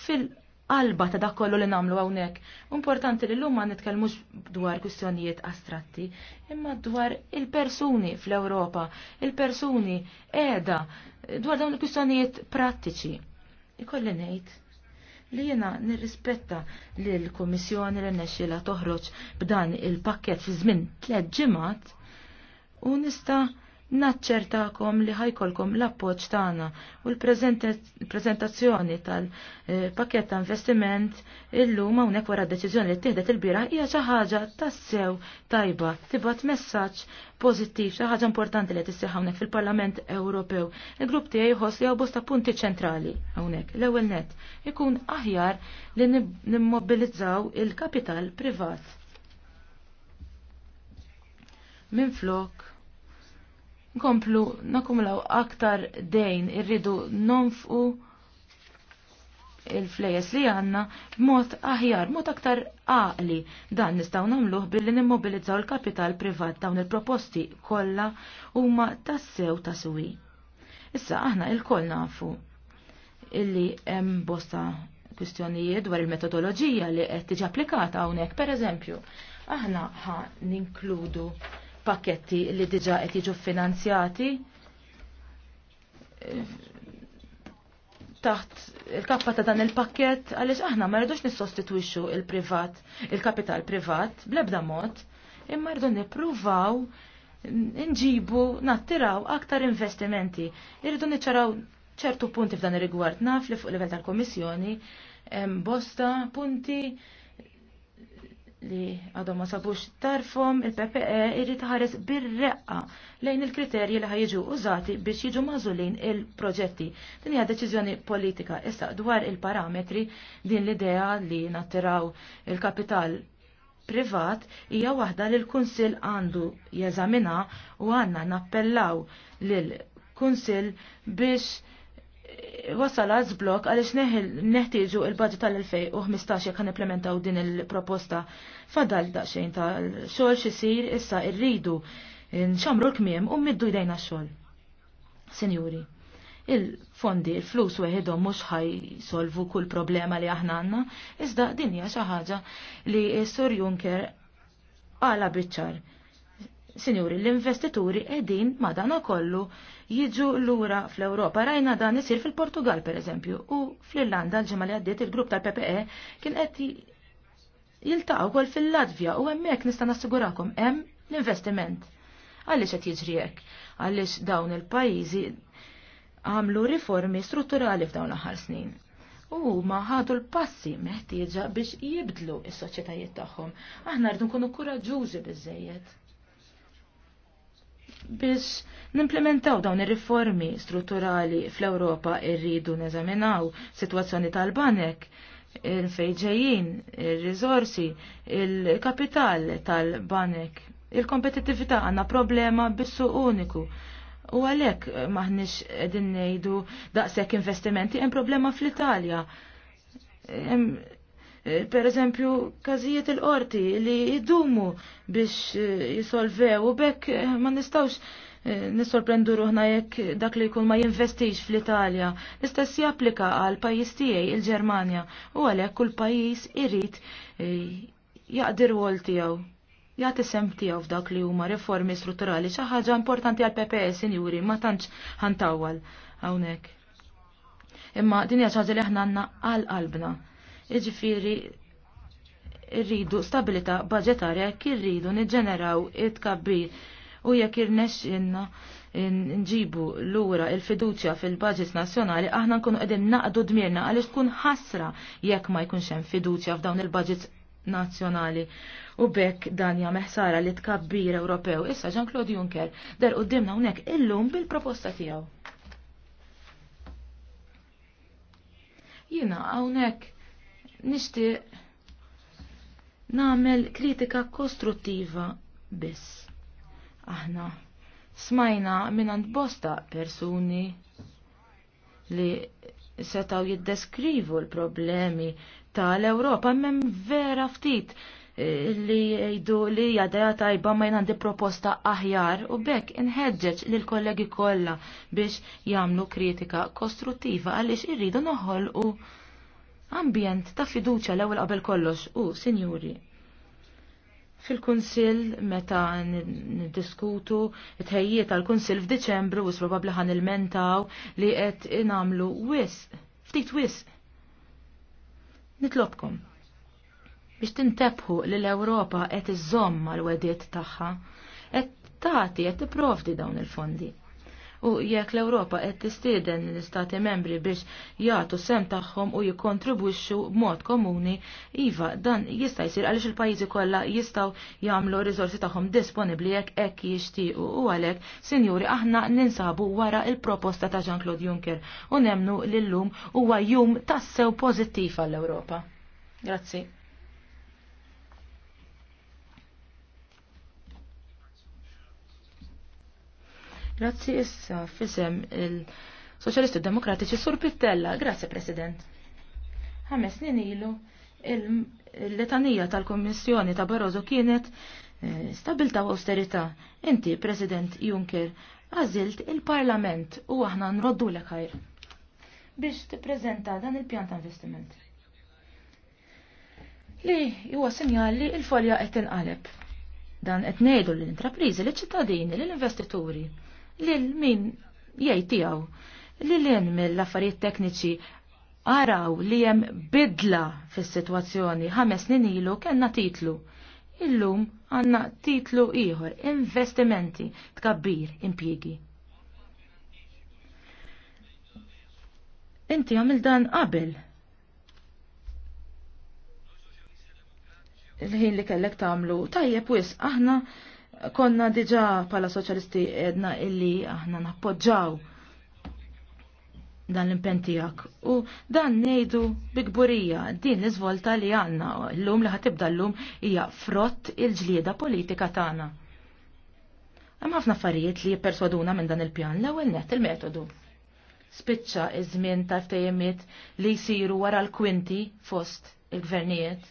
fil- qalba ta' dak kollu li nagħmlu hawnhekk. Importanti li llum ma nitkellmux dwar kwistjonijiet astratti, imma dwar il-persuni fl-Ewropa, il-persuni qiegħda dwar dawn il-kwistjonijiet prattiċi. Ikolli ngħid li jena nirrispetta li l-Komissjoni li nexxila toħroġ b'dan il-pakket fi żmien tliet ġimgħat u nista' naċċertakom li ħajkolkom l-appoġġ tagħna u l-preżentazzjoni tal-pakket ta' investiment illum hawnhekk wara d-deċiżjoni li ttieħdet il-bira hija xi ħaġa tassew tajba tibgħat messaġġ pożittiv xi ħaġa importanti li tisseħ hawnhekk fil-Parlament Ewropew. Il-grupp tiegħi jħoss li bosta punti ċentrali hawnhekk. L-ewwel net ikun aħjar li nimmobilizzaw il-kapital privat. Minflok nkomplu nakumlaw aktar dejn irridu nonfqu il-flejes li għanna b'mod aħjar, mod aktar għaqli. Dan nistaw namluħ billi nimmobilizzaw il-kapital privat dawn il-proposti kollha huma tassew taswi. Issa aħna il-koll nafu illi hemm bosta kwistjonijiet dwar il-metodoloġija li qed tiġi applikata hawnhekk, pereżempju, aħna ħa ninkludu pakketti li diġa qed jiġu finanzjati eh, taħt il-kappa ta' dan il-pakket għaliex aħna ma rridux nissostitwixxu il-privat, il-kapital privat bl-ebda mod, imma rridu nippruvaw nġibu nattiraw aktar investimenti. Irridu niċċaraw ċertu punti f'dan ir-rigward naf li fuq livell tal-Komissjoni bosta punti li għadhom ma sabux tarfhom il-PPE irri taħares bir-reqqa lejn il-kriterji li ħajġu użati biex jiġu mażulin il-proġetti. Din hija deċiżjoni politika issa dwar il-parametri din l-idea li nattiraw il-kapital privat hija waħda li l-Kunsill għandu jeżamina u għandna nappellaw lil Kunsill biex wasal għaz blok għalix neħtieġu il-budget tal-2015 jekk implementaw din il-proposta. Fadal daqxejn ta' xogħol xisir issa irridu nxamru l-kmiem u middu jdejna xogħol. Senjuri, il-fondi, il-flus weħidhom mhux ħaj solvu kull problema li aħna għandna, iżda din hija xi ħaġa li s-Sur Juncker għala biċċar Sinjuri, l-investituri edin madana kollu jiġu l-ura fl-Europa. Rajna dan isir fil-Portugal, per eżempju, u fl-Irlanda l-ġemma li għaddiet il-grupp tal-PPE kien qed jiltaqgħu kol fil-Latvja u hemmhekk nista' nassigurakom hemm l-investiment. Għaliex qed jiġri hekk? Għaliex dawn il-pajjiżi għamlu riformi strutturali f'dawn l-aħħar snin u ma ħadu l-passi meħtieġa biex jibdlu is soċjetajiet tagħhom. Aħna rridu nkunu kuraġużi biżejjed biex nimplementaw dawn ir-riformi strutturali fl-Ewropa irridu neżaminaw sitwazzjoni tal-banek il-fejġejjin, il-rizorsi, il-kapital tal-banek, il-kompetitivita għanna problema bissu uniku. U għalek maħnix din nejdu daqsek investimenti, hemm problema fl-Italja Eh, per eżempju każijiet il-qorti li jidumu biex eh, jisolvew u bekk eh, ma nistawx nisorprendu ruħna jekk dak li jkun ma jinvestix fl-Italja. L-istess japplika għal pajjiż tiegħi il-Ġermanja u għalhekk kull pajjiż irid jaqdir wol tiegħu. Jagħti sem tiegħu f'dak li huma riformi strutturali xi ħaġa importanti għal PPS e, sinjuri ma tantx ħantawwal hawnhekk. Imma din hija li aħna għandna għal qalbna. Iġifiri, rridu stabilita budgetarja jekk irridu niġġeneraw it-kabbir u jekk irnexxinna nġibu lura il-fiduċja fil-budget nazzjonali aħna nkunu qegħdin naqdu dmirna għaliex tkun ħasra jekk ma jkunx hemm fiduċja f'dawn il-budgets nazzjonali. U bekk dan jagħmel ħsara li tkabbir Ewropew. Issa Jean-Claude Juncker der qudiemna hawnhekk illum bil-proposta tiegħu. Jiena hawnhekk nixtieq nagħmel kritika kostruttiva biss. Aħna smajna minn bosta persuni li setaw jiddeskrivu l-problemi tal-Ewropa minn vera ftit eh, li jgħidu li jadeja tajba ma jnandi proposta aħjar u bekk inħedġeġ li l-kollegi kollha biex jagħmlu kritika kostruttiva għaliex irridu noħolqu ambjent ta' fiduċa l-ewwel qabel kollox u sinjuri. Fil-Kunsill meta niddiskutu it-ħejjiet tal-Kunsill f'Diċembru s-probabli ħan il-mentaw li qed inamlu wis, ftit wis. Nitlobkom biex tintebħu li l-Ewropa qed iżomm mal-wediet tagħha, qed tagħti qed tipprovdi dawn il-fondi. U jekk l-Ewropa qed tistieden l-Istati membri biex jagħtu sem tagħhom u jikkontribwixxu b'mod komuni, iva dan jista' jsir għaliex il-pajjiżi kollha jistgħu jagħmlu riżorsi tagħhom disponibbli jekk hekk jixtiequ u għalhekk, sinjuri, aħna ninsabu wara il-proposta ta' Jean-Claude Juncker u nemnu lil-lum huwa jum tassew pożittiv għall-Ewropa. Grazzi. Grazzi issa fisem il-Soċjalisti Demokratiċi Sur Pittella. Grazzi President. Ħames snin ilu il-letanija tal-Kommissjoni ta' Barroso kienet eh, stabilta u austerita. Inti, President Juncker, għazilt il-Parlament u aħna nroddu l ekajr biex tippreżenta dan il-pjan ta' investiment. Li huwa sinjali il l-folja qed tinqaleb. Dan qed ngħidu lill intrapriżi lill ċittadini lill investituri lil min jgħid tiegħu. Lil hinn mill-affarijiet tekniċi għaraw li hemm bidla fis-sitwazzjoni ħames snin ilu kellna titlu. Illum għanna titlu ieħor, investimenti, tkabbir, impjiegi. Inti għamil dan qabel. Il-ħin li kellek tagħmlu tajjeb wis aħna Konna diġa pala soċjalisti edna illi aħna nappoġġaw dan l-impen U dan nejdu bikburija, din l-izvolta li għanna, l-lum li ħatibda l-lum hija frott il-ġlieda politika tagħna. Hemm ħafna affarijiet li jipperswaduna minn dan il-pjan l-ewwel net il-metodu. Spiċċa iż-żmien ta' li jsiru wara l-kwinti fost il-gvernijiet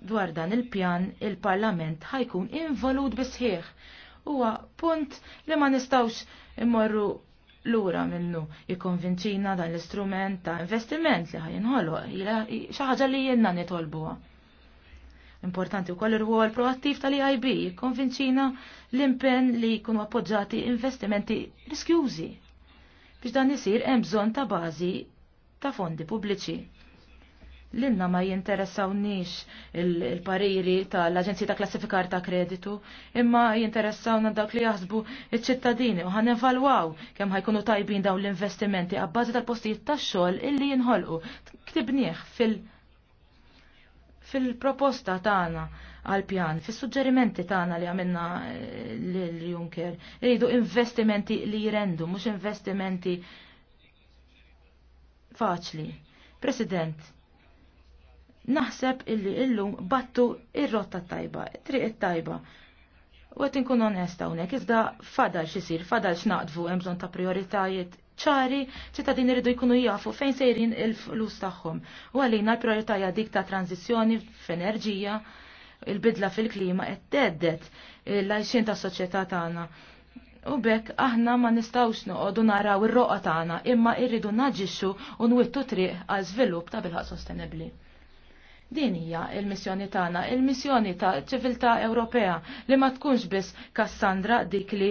dwar dan il-pjan il-Parlament ħajkun involut bisħieħ. Huwa punt li ma nistawx immorru lura minnu jikonvinċina dan l-istrument ta' investiment li ħajinħolu, xi ħaġa li jenna nitolbuha. Importanti wkoll ir-rwol proattiv tal ib jikkonvinċina l-impenn li jkunu appoġġati investimenti riskjużi. Biex dan isir hemm bżonn ta' bażi ta' fondi pubbliċi. Lilna ma jinteressawniex il-pariri il pariri ta' tal aġenzija ta' Klassifikar ta' Kreditu, imma jinteressawna dawk li jaħsbu il ċittadini u evalwaw kemm ħajkunu tajbin dawn l-investimenti għabbażi tal-postijiet tax-xogħol illi jinħolqu. Ktibnieh fil- fil-proposta tagħna għal pjan, fis-suġġerimenti tagħna li għamilna eh, l Junker, iridu investimenti li jirendu, mhux investimenti faċli. President, naħseb illi illum battu ir-rotta tajba, triq tajba. U għet nkun onesta unek, iżda fadal xisir, fadal xnaqdvu, emżon ta' prioritajiet ċari, ċittadin rridu jkunu jafu fejn sejrin il-flus tagħhom. U għalina l-prioritajja dik ta' tranzizjoni f'enerġija, il-bidla fil-klima qed teddet l-għajxin ta' soċjetà tagħna. U bekk aħna ma nistawx noqogħdu naraw ir-roqa tagħna, imma irridu naġixxu u nwittu triq għal żvilupp ta' bilħaq sostenibbli. Din hija il-missjoni tagħna, il-missjoni ta' ċiviltà Ewropea li ma tkunx biss Kassandra dik li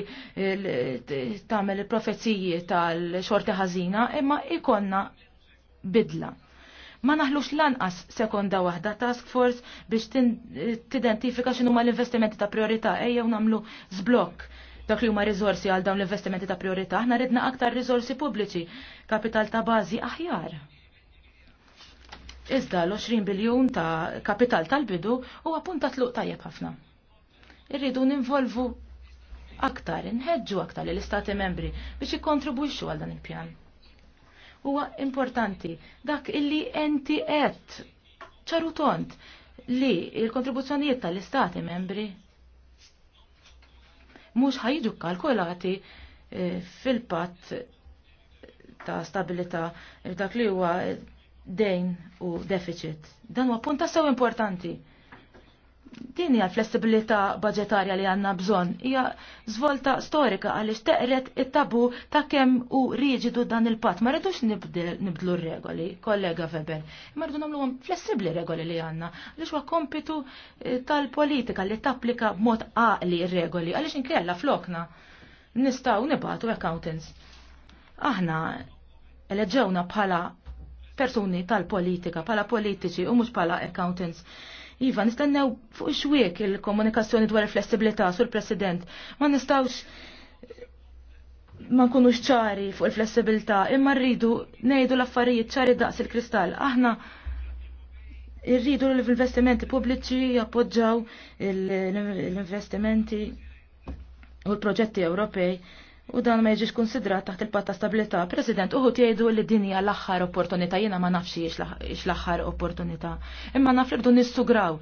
tagħmel il-profezziji tal-xorti ħażina, imma ikonna bidla. Ma naħlux lanqas sekonda waħda task force biex tidentifika x'inhuma l-investimenti ta' priorità ejjew nagħmlu zblokk dak li huma riżorsi għal dawn l-investimenti ta' priorità, aħna ridna aktar riżorsi pubbliċi, kapital ta' bażi aħjar. Iżda l-20 biljun ta' kapital tal-bidu huwa punta tluq tajjeb ħafna. Irridu ninvolvu aktar, nħedġu aktar l-istati membri biex jikontribwixxu għal dan il-pjan. Huwa importanti dak illi enti qed ċaru tont li il-kontribuzzjonijiet tal-istati membri mhux ħajġu kalkulati eh, fil-patt ta' stabilità dak li huwa dejn u deficit. Dan huwa punt sew importanti. Din hija l flessibilità budgetarja li għandna bżonn hija żvolta storika għaliex teqret it-tabu ta' kemm u riġidu dan il-patt. Ma rridux nibdlu r-regoli, kollega Weber. Ma rridu nagħmluhom flessibbli regoli li għandna għaliex huwa kompitu eh, tal-politika li tapplika b'mod għaqli r-regoli għaliex inkella flokna nistgħu nibatu accountants. Aħna eleġġewna bħala persuni tal-politika, pala politiċi u mux pala accountants. Iva, nistennew fuq xwiek il-komunikazzjoni dwar il-flessibilità sur president Ma nistawx ma nkunux ċari fuq il-flessibilità, imma rridu nejdu l-affarijiet ċari daqs il-kristall. Aħna irridu l-investimenti pubbliċi jappoġġaw l-investimenti u l-proġetti Ewropej U dan ma jġiġ konsidrat taħt il-patta stabilita. President, uħu jgħidu li din hija l-aħħar opportunità, jiena ma nafx ix l-aħħar opportunità. Imma naf li rdu nissugraw.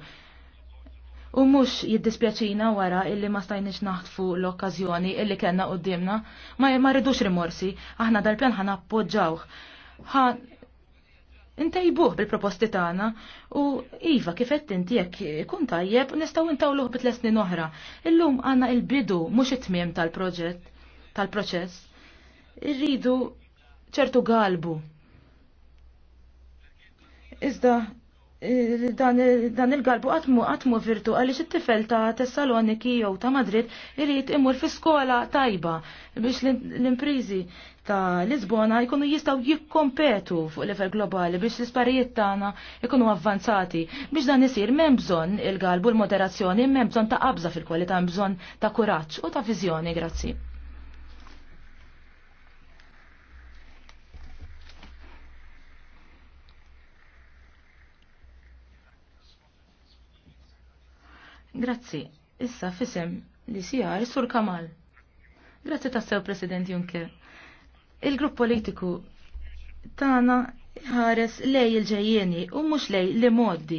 U mhux jiddispjaċina wara illi ma stajniex naħtfu l-okkażjoni illi kellna qudiemna, ma, ma rridux rimorsi, aħna dal-pjan ħana appoġġawh. Ħa intejbuh bil-proposti tagħna u iva kif qed inti jekk ikun tajjeb nistgħu intawluh bitles snin oħra. Illum għandna il-bidu mhux it-tmiem tal-proġett tal-proċess, irridu ċertu galbu. Iżda eh, dan, il-galbu għatmu għatmu virtu għalix it-tifel ta' Tessaloniki jew ta' Madrid irrid imur fi skola tajba biex l-imprizi ta' Lisbona jkunu jistaw jikkompetu fuq level globali biex l-isparijiet tagħna jkunu avvanzati biex dan isir m'hemm bżonn il-galbu l-moderazzjoni m'hemm bżonn ta' qabża fil-kwalità hemm bżonn ta' kuraġġ u ta' viżjoni grazzi. Grazzi, issa fisem li sijar sur Kamal. Grazzi ta' sew President Juncker. Il-grupp politiku tana ħares lej il-ġejjeni u mux lej li moddi.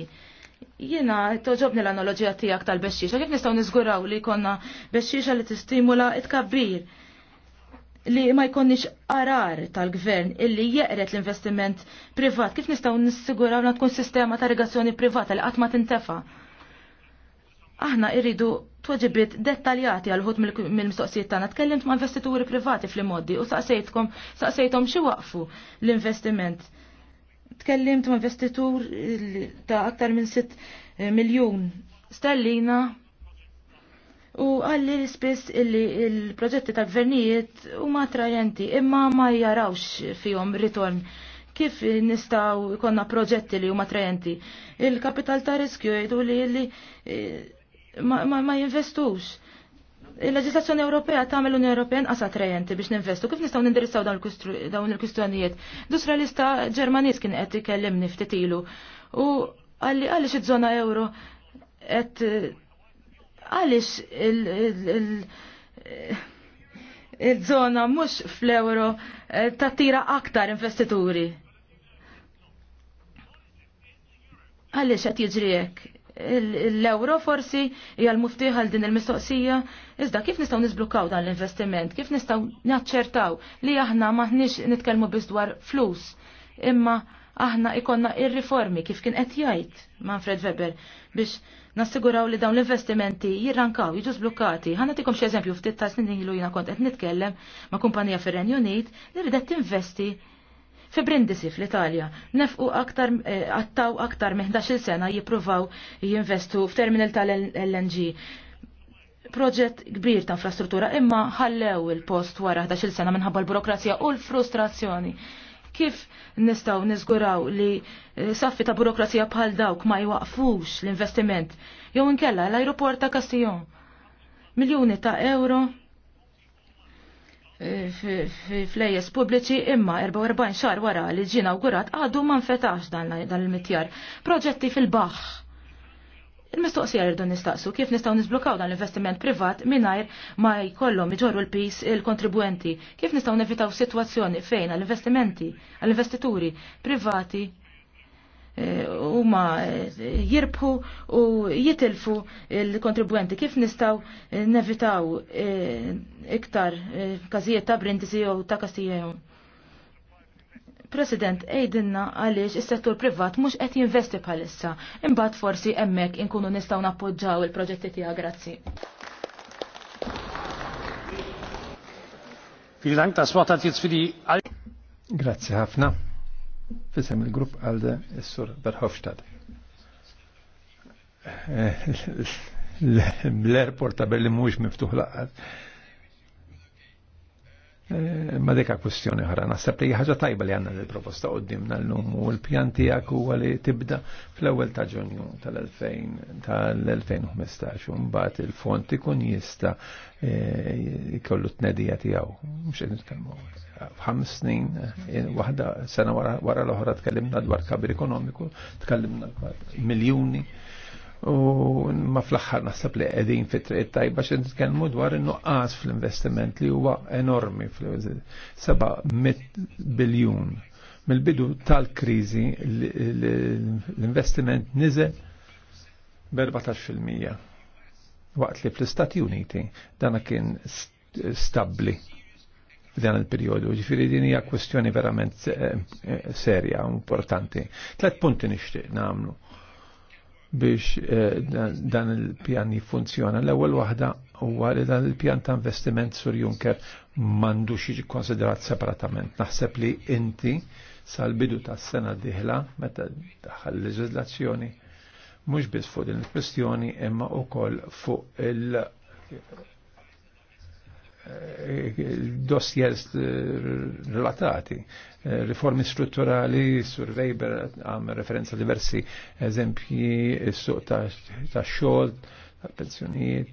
Jena, toġobni l-analogija tijak tal-bexxiexa, kif nistaw nizguraw li konna bexxiexa li tistimula it-kabbir li ma jkonniex arar tal-gvern illi jeqret l-investiment privat, kif nistaw nissiguraw na tkun sistema ta' regazzjoni privata li qatt ma tintefa' aħna irridu tweġibiet dettaljati għal ħut mill-mistoqsijiet tagħna. Tkellimt ma' investituri privati fl-modi u saqsejtkom saqsejthom xi waqfu l-investiment. Tkellimt ma' investitur ta' aktar minn 6 eh, miljun stellina u għalli spiss illi il-proġetti ta' gvernijiet huma trajenti imma ma jarawx fihom ritorn kif nistaw ikonna proġetti li huma trajenti? Il-kapital ta' riskju jgħidu li li ma, ma, ma jinvestux. Il-leġislazzjoni Ewropea tagħmel l-Unjoni Ewropea nqas attrajenti biex ninvestu. Kif nistgħu nindirizzaw dawn il-kwistjonijiet? Industrialista Ġermaniż kien qed ikellimni ftit ilu u għalli għaliex iż-żona euro qed għaliex il-żona mhux fl-euro eh, tattira aktar investituri. Għaliex qed jiġri hekk l-euro forsi hija l-muftiħ għal din il-mistoqsija. Iżda kif nistgħu niżblukkaw dan l-investiment? Kif nistgħu naċċertaw li aħna maħniex nitkellmu biss dwar flus imma aħna ikonna ir-riformi kif kien qed jgħid Manfred Weber biex nassiguraw li dawn l-investimenti jirrankaw, jiġu zblukkati. Ħana tikom xi eżempju ftit ta' snin ilu jiena kont qed nitkellem ma' kumpanija fir-Renju Unit li rridet tinvesti Fi Brindisi fl-Italja, nefqu aktar, għattaw eh, aktar meħdax-il sena jippruvaw jinvestu f'terminal tal-LNG. Proġett kbir ta' infrastruttura imma ħallew il-post wara ħdax-il sena minħabba l-burokrazija u l-frustrazzjoni kif nistaw nizguraw li eh, saffi ta' burokrazija bħal dawk ma jwaqfux l-investiment. Jew inkella l-aeroport ta' Castellon. Miljoni ta' euro flejjes pubbliċi imma 44 xar wara li ġi inawgurat għadu ma nfetax dan il-mitjar. Proġetti fil-baħħ. Il-mistoqsija rridu nistaqsu kif nistgħu nisblokaw dan l-investiment privat mingħajr ma jkollhom iġorru l-pis il-kontribwenti, kif nistgħu nevitaw sitwazzjoni fejn għall-investimenti, għall-investituri privati huma eh, jirbħu u jitilfu il-kontribwenti. Kif nistaw eh, nevitaw eh, iktar kazijiet ta' brindisi jew ta' kastijew? President, ejdinna għaliex is-settur privat mhux qed jinvesti bħalissa, imbagħad forsi hemmhekk inkunu nistgħu nappoġġaw il-proġetti tiegħek grazzi. Grazie ħafna. Fisem il-grupp għalde s-sur Berhofstad. Eh, l-airport ta' Berlin mux miftuħ laqqad. Eh, ma deka kustjoni ħara, nasab li ħaġa tajba li għanna l-proposta d-dimna l num u l-pjan tijak u għali tibda fl-ewel ta' ġunju tal-2015 un bat il fonti kun jista eh, kollu t-nedija tijaw, mxed nitkalmu għal f'ħames snin, eh, waħda sena wara l-oħra tkellimna dwar kabir ekonomiku, tkellimna dwar miljuni. U ma fl-axħar naħseb li qegħdin fit-triq tajba xi nitkellmu dwar innuqqas fl-investiment li huwa enormi fl-700 biljun. Mill-bidu tal-kriżi l-investiment fil-mija. waqt li fl-Istati Uniti dana kien stabbli f'dan il-periodu. Ġifiri din hija kwestjoni verament eh, eh, serja, importanti. Tlet punti nixtieq namlu biex eh, dan il-pjan jifunzjona. L-ewwel waħda huwa li dan il-pjan ta' investiment sur Juncker m'għandux jiġi konsiderat separatament. Naħseb li inti sal-bidu tas-sena diħla meta daħal leġiżlazzjoni mhux biss fuq din il-kwestjoni imma wkoll fuq il- dossiers eh, relatati, eh, riformi strutturali, sur Weber għam referenza diversi eżempji, eh, suq ta' xogħol, ta' pensjonijiet,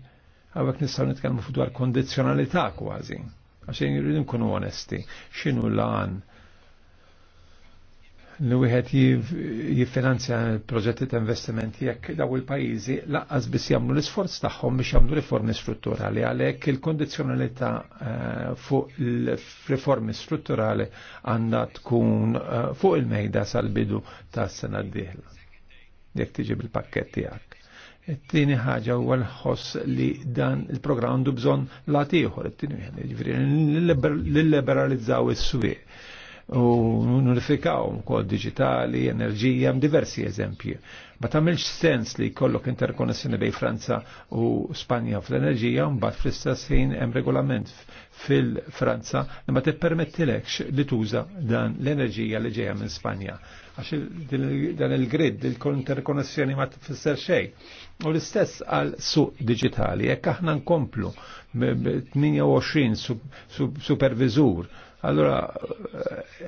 għawek nistaw nitkellmu fudwar kondizjonalità kważi, għaxin jridu nkunu onesti, xinu l-għan li wieħed jiffinanzja proġetti ta' investimenti jekk daw il-pajjiżi laqqas biss jagħmlu l-isforz tagħhom biex jagħmlu riformi strutturali għalhekk il-kondizzjonalità eh, fuq il-riformi strutturali għandha tkun eh, fuq il-mejda sal-bidu tas-sena d-dieħla. Jekk tiġi bil-pakkett tiegħek. It-tieni ħaġa huwa l-ħoss li dan il-programm għandu bżonn lat ieħor it-tieni ħaġa, jiġifieri is-swieq u nurifikaw kol digitali, enerġija, diversi eżempji. Ma tamilx sens li kollok interkonnessjoni bej Franza u Spanja fl-enerġija, mbagħad fl istassin ħin regolament fil-Franza li ma tippermettilekx li tuża dan l-enerġija li ġeja minn Spanja. Għax dan il-grid, il-interkonnessjoni ma tfisser xejn. U l-istess għal suq digitali, jekk aħna nkomplu 28 supervizur Allura,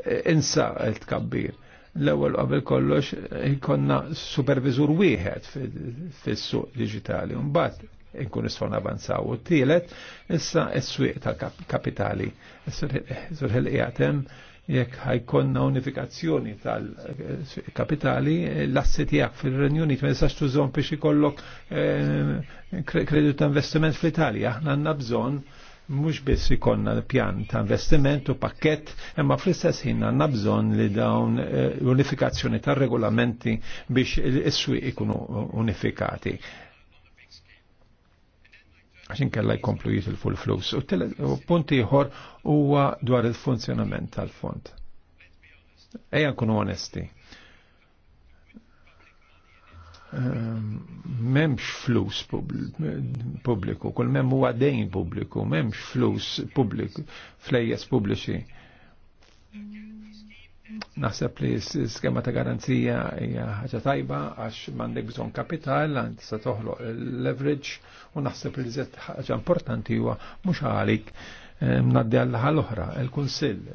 eh, insa il-tkabbir. L-ewwel qabel kollox jikonna eh, supervizur wieħed fis-suq diġitali. Mbagħad inkun nistgħu avanzaw. U tielet issa s-swieq tal-kapitali. Surħel qiegħed jekk ħajkonna unifikazzjoni tal-kapitali, l-assi tiegħek fil renju Unit ma jistax biex ikollok kredit eh, ta' investiment fl-Italja. Aħna għandna bżonn mhux biss ikonna pjan ta' investiment u pakkett, imma fl-istess ħin għanna bżonn li dawn l-unifikazzjoni eh, tar regolamenti biex is-swieq ikunu unifikati għaxin kella jkomplu jitil-full flus U punti jħor huwa dwar il-funzjonament tal-fond. Ejja nkunu onesti. Eh, memx flus publiku, kull mem huwa dejn publiku, memx flus publiku, flejjes publiċi. Naħseb li s-skema ta' garanzija hija ħaġa tajba għax m'għandek bżonn kapital, għand sa toħloq leverage u naħseb li żed ħaġa importanti huwa mhux għalik eh, mnaddi għall-ħal oħra, il-Kunsill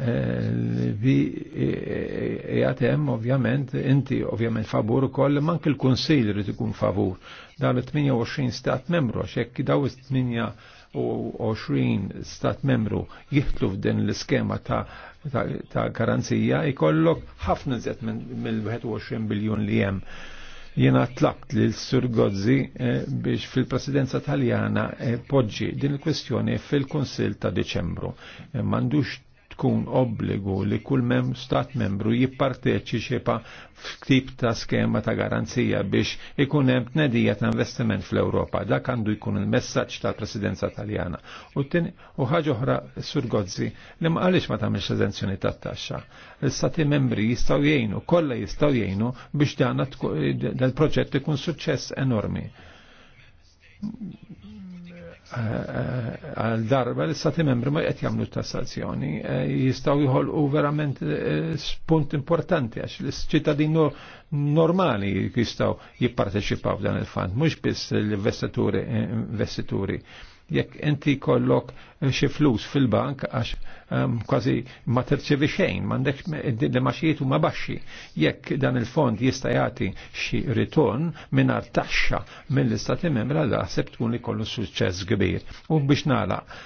vi eh, eh, eh, jatem ovvjament, inti ovvjament favur u koll, mank il-konsil rrit ikun favur. Dan 28 stat membru, ki daw 28 stat membru jihtlu f'din l-iskema ta' ta' garanzija ikollok ħafna zet mill-21 biljon li jem. Jena tlabt li l-Sur Gozzi biex fil-presidenza taljana poġġi din il-kwestjoni fil-Konsil ta' Deċembru. Mandux tkun obbligu li kull mem stat membru jipparteċi jipparteċiċipa f'tip ta' skema ta' garanzija biex ikun hemm tnedija ta' investiment fl-Ewropa. Dak għandu jkun il-messaġġ tal-Presidenza Taljana. U tieni u ħaġa oħra sur Gozzi li ma għaliex ma tagħmilx eżenzjoni tat-taxxa. L-istati membri jistgħu jgħinu, kollha jistgħu jgħinu biex dan il-proġett ikun suċċess enormi Eh, għal darba l istati membri ma qed jagħmlu tassazzjoni eh, jistgħu jħolqu verament eh, spunt importanti għax l-ċittadin normali jistgħu jipparteċipaw f'dan il-fond, mhux biss l-investituri investituri jekk inti kollok eh, xi flus fil-bank għax ehm, kważi ma terċevi xejn, m'għandek li maxijiet huma baxxi. Jekk dan il-fond jista' jagħti xi ritorn mingħajr taxxa mill-istati membra daħseb tkun li kollu suċċess kbir. U biex nagħlaq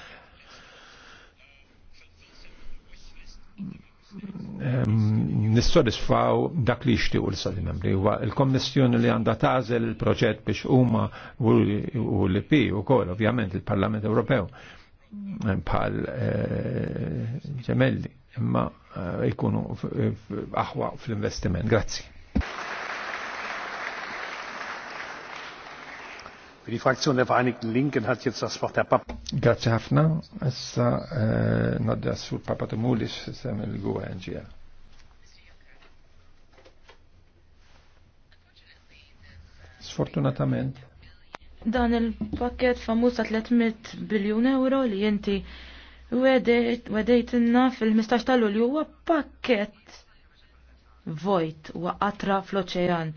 nissodisfaw dak li jixtiequ l stati membri. Il-Kommissjoni li għandha tażel il-proġett biex huma u l-IP kol, ovvjament il-Parlament Ewropew bħal eh, ġemelli imma eh, jkunu aħwa fl-investiment. Grazzi. die Fraktion der Vereinigten Linken hat jetzt das Wort der Papa. Grazie ħafna. Issa eh, nadda sul Papa Tomulis sem il-Gua e NGL. Sfortunatament. Dan il-pakket famuż ta' 300 biljun euro li inti wedejt inna fil-15 tal-Lulju huwa pakket vojt wa qatra fl-oċean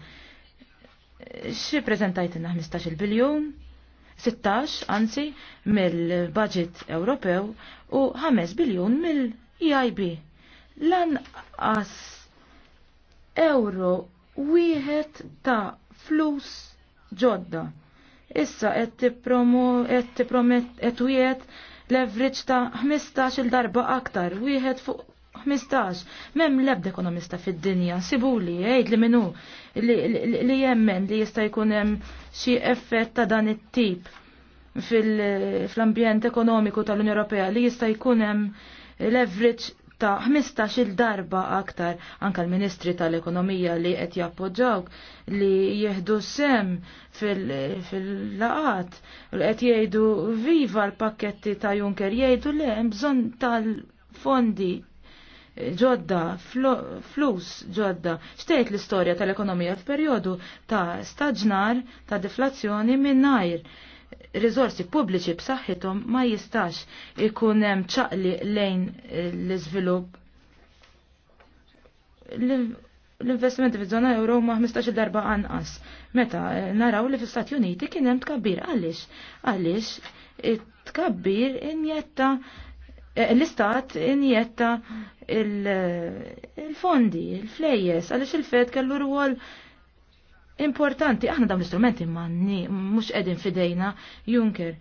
xi prezentajt inna 15 biljun, 16 anzi mill-budget Ewropew u 5 biljun mill-EIB. Lanqas euro wieħed ta' flus ġodda. Issa qed tippromu qed tippromett qed wieħed leverage ta' 15-il darba aktar, wieħed fuq 15. Mem lebda ekonomista fid-dinja, sibuli, għejd li minu, li jemmen li jista jkun hemm xi effett ta' dan it-tip fil-ambjent ekonomiku tal-Unjoni Ewropea li jista jkun hemm leverage ta' 15 il darba aktar anka l-Ministri tal-Ekonomija li qed jappoġġawk li jieħdu sem fil-laqat u qed jgħidu viva l-pakketti ta' Juncker jgħidu le hemm bżonn tal-fondi ġodda, flus ġodda. Xtejt l-istorja tal-ekonomija f'perjodu ta' staġnar, ta' deflazzjoni minnajr. Rizorsi pubbliċi b'saħħithom ma jistax ikun hemm ċaqli lejn l-iżvilupp. L-investimenti fiż-żona euro ma 15 darba anqas. Meta eh, naraw li fl istati Uniti kien hemm tkabbir għaliex għaliex tkabbir injetta Eh, l-istat injetta il-fondi, il-flejjes, għalix il-fed kellu rwol importanti. Aħna dawn l-istrumenti manni, mux edin fidejna, Junker.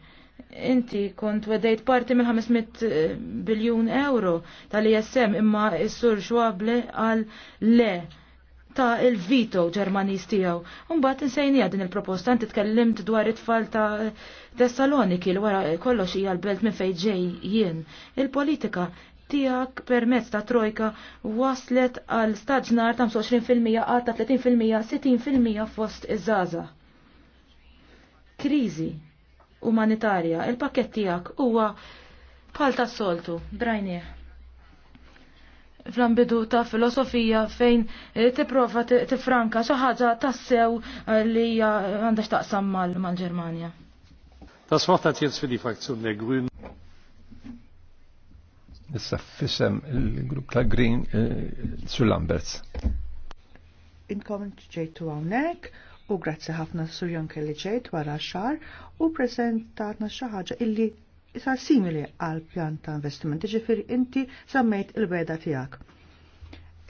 Inti kont wedejt parti mill 500 eh, biljun euro tal-ISM imma s-sur xwable għal le ta' il-vito ġermanis tijaw. Unbat insejnija din il-proposta, inti tkellimt dwar it-tfal ta' Thessaloniki l wara kollox hija l-belt minn fejġej jien. Il-politika tijak permezz ta' trojka waslet għal staġnar ta' 25% għata 30% 60% fost iż-żaza. Krizi umanitarja, il-pakket tijak huwa bħal ta' soltu, brajnieħ fl-ambidu ta' filosofija fejn eh, tipprova tifranka xi ħaġa tassew eh, li hija għandha x'taqsam mal-Ġermanja. Ta' Wort hat fidi für die Issa fissem il-grupp ta' Green eh, Sul Lamberts. Inkom ġejtu hawnhekk u grazzi ħafna Sur Jonke li ġejt wara xar u prezentatna xi ħaġa illi isa simili għal pjan ta' investiment. ġifiri inti sammejt il-beda tijak.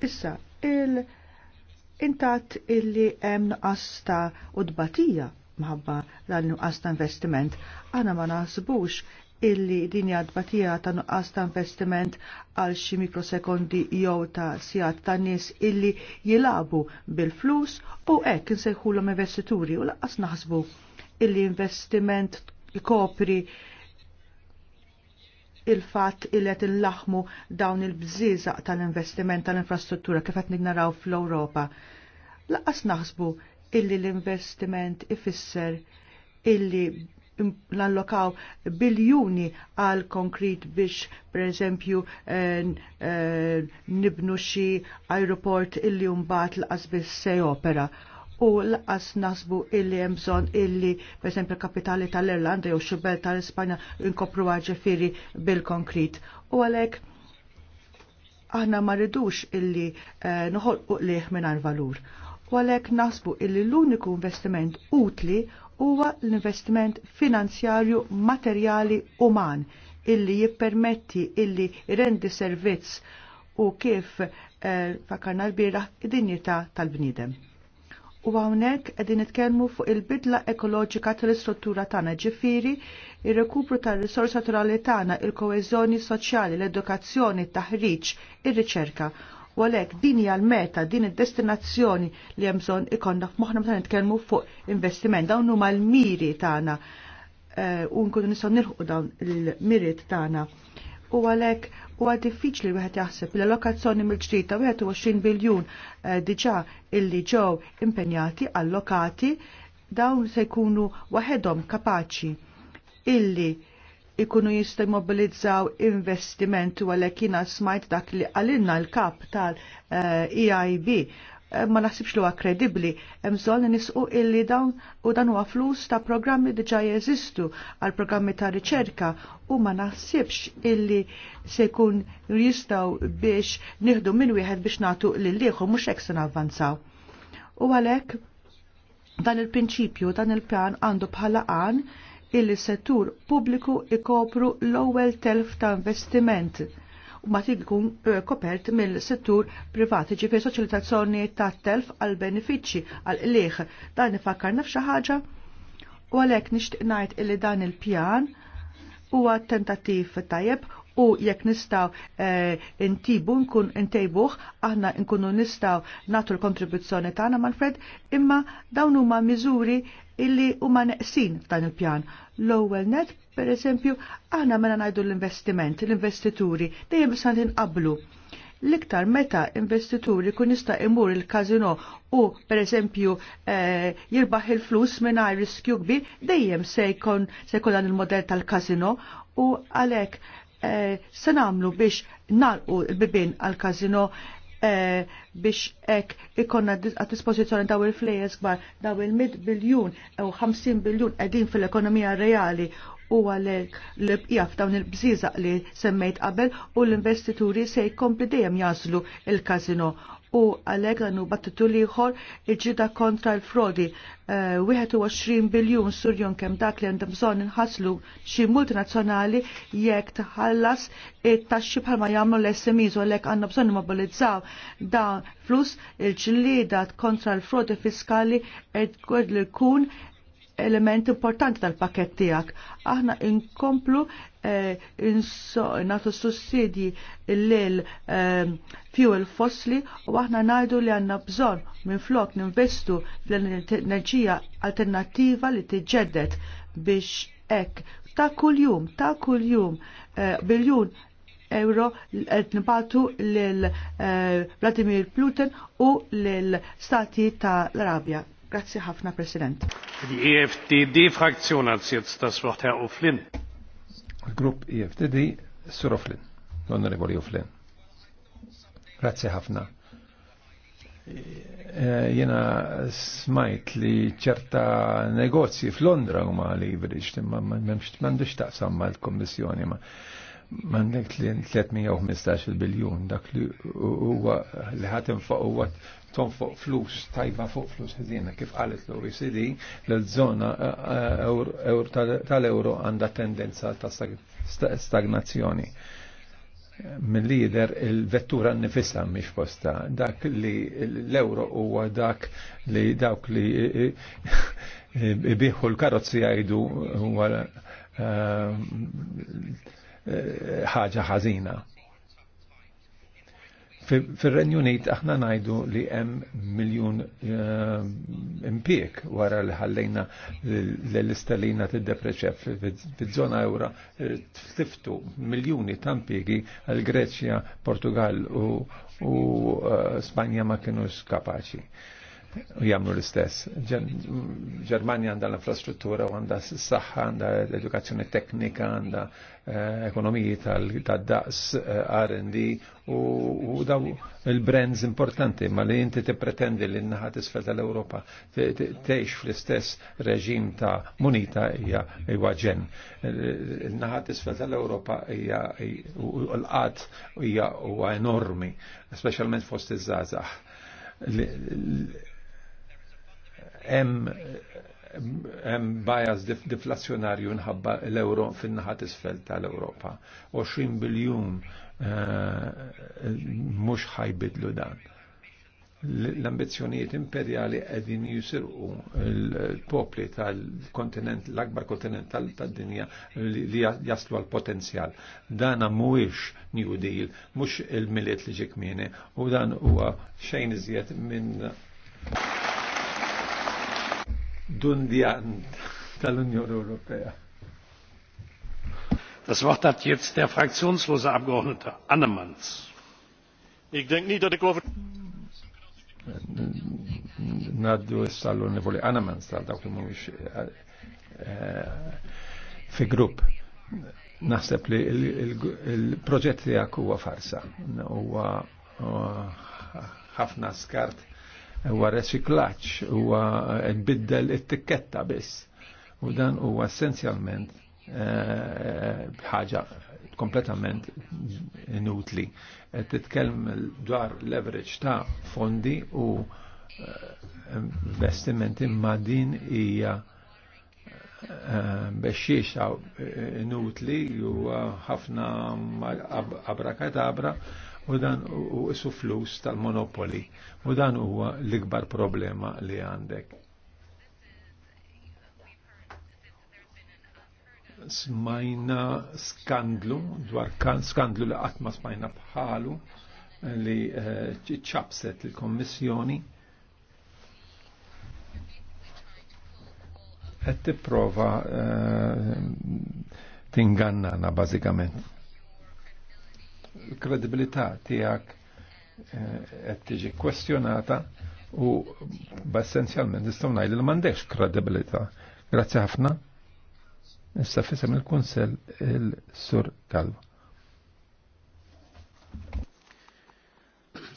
Issa, il- intat illi hemm asta u dbatija maħabba dan nuqqas ta' investiment. Għana ma naħsbux illi din dbatija ta' nuqqas ta' investiment għal xi mikrosekondi jew ta' sijat ta' nies illi jilabu bil-flus u hekk insejħulhom investituri u laqqas naħsbu illi investiment ikopri il-fat il qed inlaħmu dawn il bżiza tal-investiment tal-infrastruttura kif qed nignaraw fl-Ewropa. Laqas naħsbu illi l-investiment ifisser illi l-allokaw biljuni għal konkrit biex, per eżempju, eh, eh, nibnu xi aeroport illi mbagħad laqas biss se opera u laqas nasbu illi hemm bżonn illi esempio, kapitali tal-Irlanda jew xibel tal-Ispanja inkopru għagġifiri bil-konkrit. U għalhekk aħna ma rridux illi eh, noħolqu liħ mingħajr valur. U għalhekk nasbu illi l-uniku investiment utli huwa l-investiment finanzjarju materjali uman illi jippermetti illi rendi servizz u kif eh, fakarna l bira id-dinjità tal-bnidem. U għawnek edin itkelmu fuq il-bidla ekoloġika tal-istruttura tana ġifiri, il-rekupru tal-risors naturali tana, il-koezjoni soċjali, l-edukazzjoni, taħriċ, il-riċerka. U għalek din hija l-meta, din id-destinazzjoni li hemm bżonn ikollna f'moħħna meta nitkellmu fuq investiment. Dawn huma l-miri tagħna eh, u nkunu nistgħu nilħu dawn il-miriet tagħna u għalhekk huwa diffiċli wieħed jaħseb li allokazzjoni mill-ġdid ta' 21 biljun eh, diġà illi ġew impenjati allokati dawn se jkunu waħedhom kapaċi illi ikunu jista' jmobilizzaw investimenti u għalhekk smajt dak li għalinna l-kap tal-EIB eh, e ma naħsibx li huwa kredibbli. Hemm bżonn nisqu illi dawn u dan huwa flus ta' programmi diġà jeżistu għal programmi ta' riċerka u ma naħsibx illi se jkun jistgħu biex nieħdu minn wieħed biex nagħtu lil ieħor mhux hekk se navvanzaw. U għalhekk dan il-prinċipju dan il-pjan għandu bħala għan illi settur pubbliku ikopru l-ewwel telf ta' investiment u ma tkun eh, kopert mill-settur privati ġifir soċilitazzjoni ta' telf għal benefiċċji għal liħ dan naf xi ħaġa u għalhekk nixtieq ngħid illi dan il-pjan huwa tentattiv tajjeb u jekk nistaw eh, intibu nkun intejbuħ aħna nkunu nistaw natu l-kontribuzzjoni tagħna mal imma dawn huma miżuri illi huma neqsin f'dan il-pjan. L-ewwel net, per eżempju, aħna mela ngħidu l-investiment, l-investituri, dejjem sant tinqablu. L-iktar meta investituri kun jista' imur il-kazino u per eżempju eh, jirbaħ il-flus mingħajr riskju kbir, dejjem se jkun se jkun dan il-modell tal-kazino u għalhekk eh, se nagħmlu biex nalqu l-bibin għal-kazino Eh, biex ek ikonna għat dispozizjoni daw il-flejes kbar daw il-100 biljun u 50 biljun edin fil-ekonomija reali u għalek l-bqija f'dawn il-bżiza li semmejt qabel u l-investituri se jkompli dejjem jazlu il-kazino u għalhekk għandu battitu liħor il-ġida kontra l-frodi. 21 eh, biljun surjon kem dak li għandem bżonn nħaslu xi multinazzjonali jekk tħallas it-taxxi bħalma jagħmlu l smis u għalhekk għandna bżonn immobilizzaw dan flus il-ġlieda kontra l-frodi fiskali qed li jkun element importanti tal pakettijak tiegħek. Aħna inkomplu Eh, natu sussidji lil il-fosli eh, u aħna najdu li għanna bżon minn flok ninvestu fl-enerġija alternativa li tiġġedded biex ek ta' kuljum, ta' kuljum eh, biljun euro qed nibatu lil Vladimir Putin u l Stati ta' l-Arabja. Grazie ħafna, President. Die EFDD-Fraktion hat jetzt das Wort, Herr O'Flynn. Grupp IFTD, e Suroflin, l-Onorevoli Oflin. Grazie ħafna. E, jena smajt li ċerta negozji f'Londra huma li jibriġ, ma m'għandux taqsam mal-Kommissjoni ma' li 315 biljun dak li huwa li ħat infaq huwa tonfoq flus tajba fuq flus ħażina kif qalet l-OECD l-żona eh, eh, tal-euro għandha tendenza ta' stagnazzjoni li lider il-vettura nifissa mhix posta. Dak li l-euro huwa dak li dawk li eh, ibiħu l-karozzi jgħidu huwa ħaġa ħażina. Fil-Renju Unit aħna najdu li hemm miljun eh, impiek wara li ħallejna l-istalina tiddepreċef fiż-żona ewra eh, tiftu miljuni ta' impiegi għal Greċja, Portugal u eh, Spanja ma kienux kapaċi u jamlu l-istess. Ġermania għanda l-infrastruttura għanda s-saxħa, għanda l edukazzjoni teknika, għanda eh, ekonomiji tal-daqs eh, R&D u daw il-brands importanti, ma li jinti t-pretendi li n-naħat isfel l europa teħx fl-istess reġim ta' munita hija waġen. N-naħat isfel l europa hija l-qat u enormi, specialment fost iż-żazax hemm bias deflazzjonarju nħabba l-euro fin naħa isfel tal-Ewropa. 20 biljun eh, mhux ħajbidlu dan l ambizzjonijiet imperjali għedin jusirqu l-popli tal-kontinent, l-akbar kontinent tal-dinja li jaslu għal-potenzjal. Dan mhuwiex New Deal, mhux il-miliet li ġekmini, u dan huwa xejn iżjed minn dundjan tal-Unjoni Ewropea. Das Wort hat jetzt der fraktionslose Abgeordnete Annemanns. Ich denke nicht, dass ich over... Naddu s-sallonevoli Annemanns da dawk li mich... Eh, fi grupp. Naħseb li il-proġett għak huwa farsa. Huwa ħafna skart huwa reċiklaċ, huwa eh, nbiddel it-tikketta biss. U dan huwa essenzjalment eh, ħaġa kompletament inutli. Titkellem dwar leverage ta' fondi u eh, investimenti ma' din hija bexxiex inutli u ħafna abrakadabra. Ab u dan u isu flus tal-monopoli u dan huwa l-ikbar problema li għandek. Smajna skandlu, dwar skandlu li qatt ma smajna bħalu li eh, ċabset il-kommissjoni qed tipprova eh, tingannana bażikament l-kredibilità tiegħek qed eh, tiġi kwestjonata u b'essenzjalment nistgħu ngħidu li m'għandekx kredibilità. Grazzi ħafna. Issa fisem il-Kunsell il-Sur Kalva.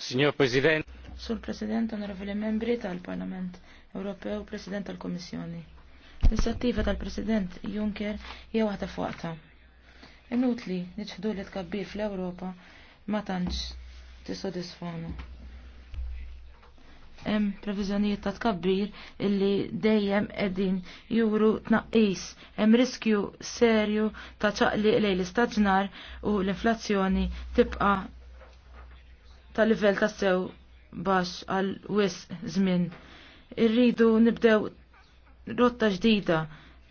Signor President. Sur President, onorevoli membri tal-Parlament Ewropew, President tal-Kommissjoni. L-inizjattiva tal-President Juncker jew waħda fuqta Inutli nitħdu li tkabbir fl-Ewropa ma tantx tissodisfana. Hemm previżjonijiet ta' tkabbir illi dejjem qegħdin juru tnaqqis, hemm riskju serju ta' ċaqli lejn l-istaġnar u l-inflazzjoni tibqa' ta' livell ta' sew baxx għal wisq żmien. Irridu nibdew rotta ġdida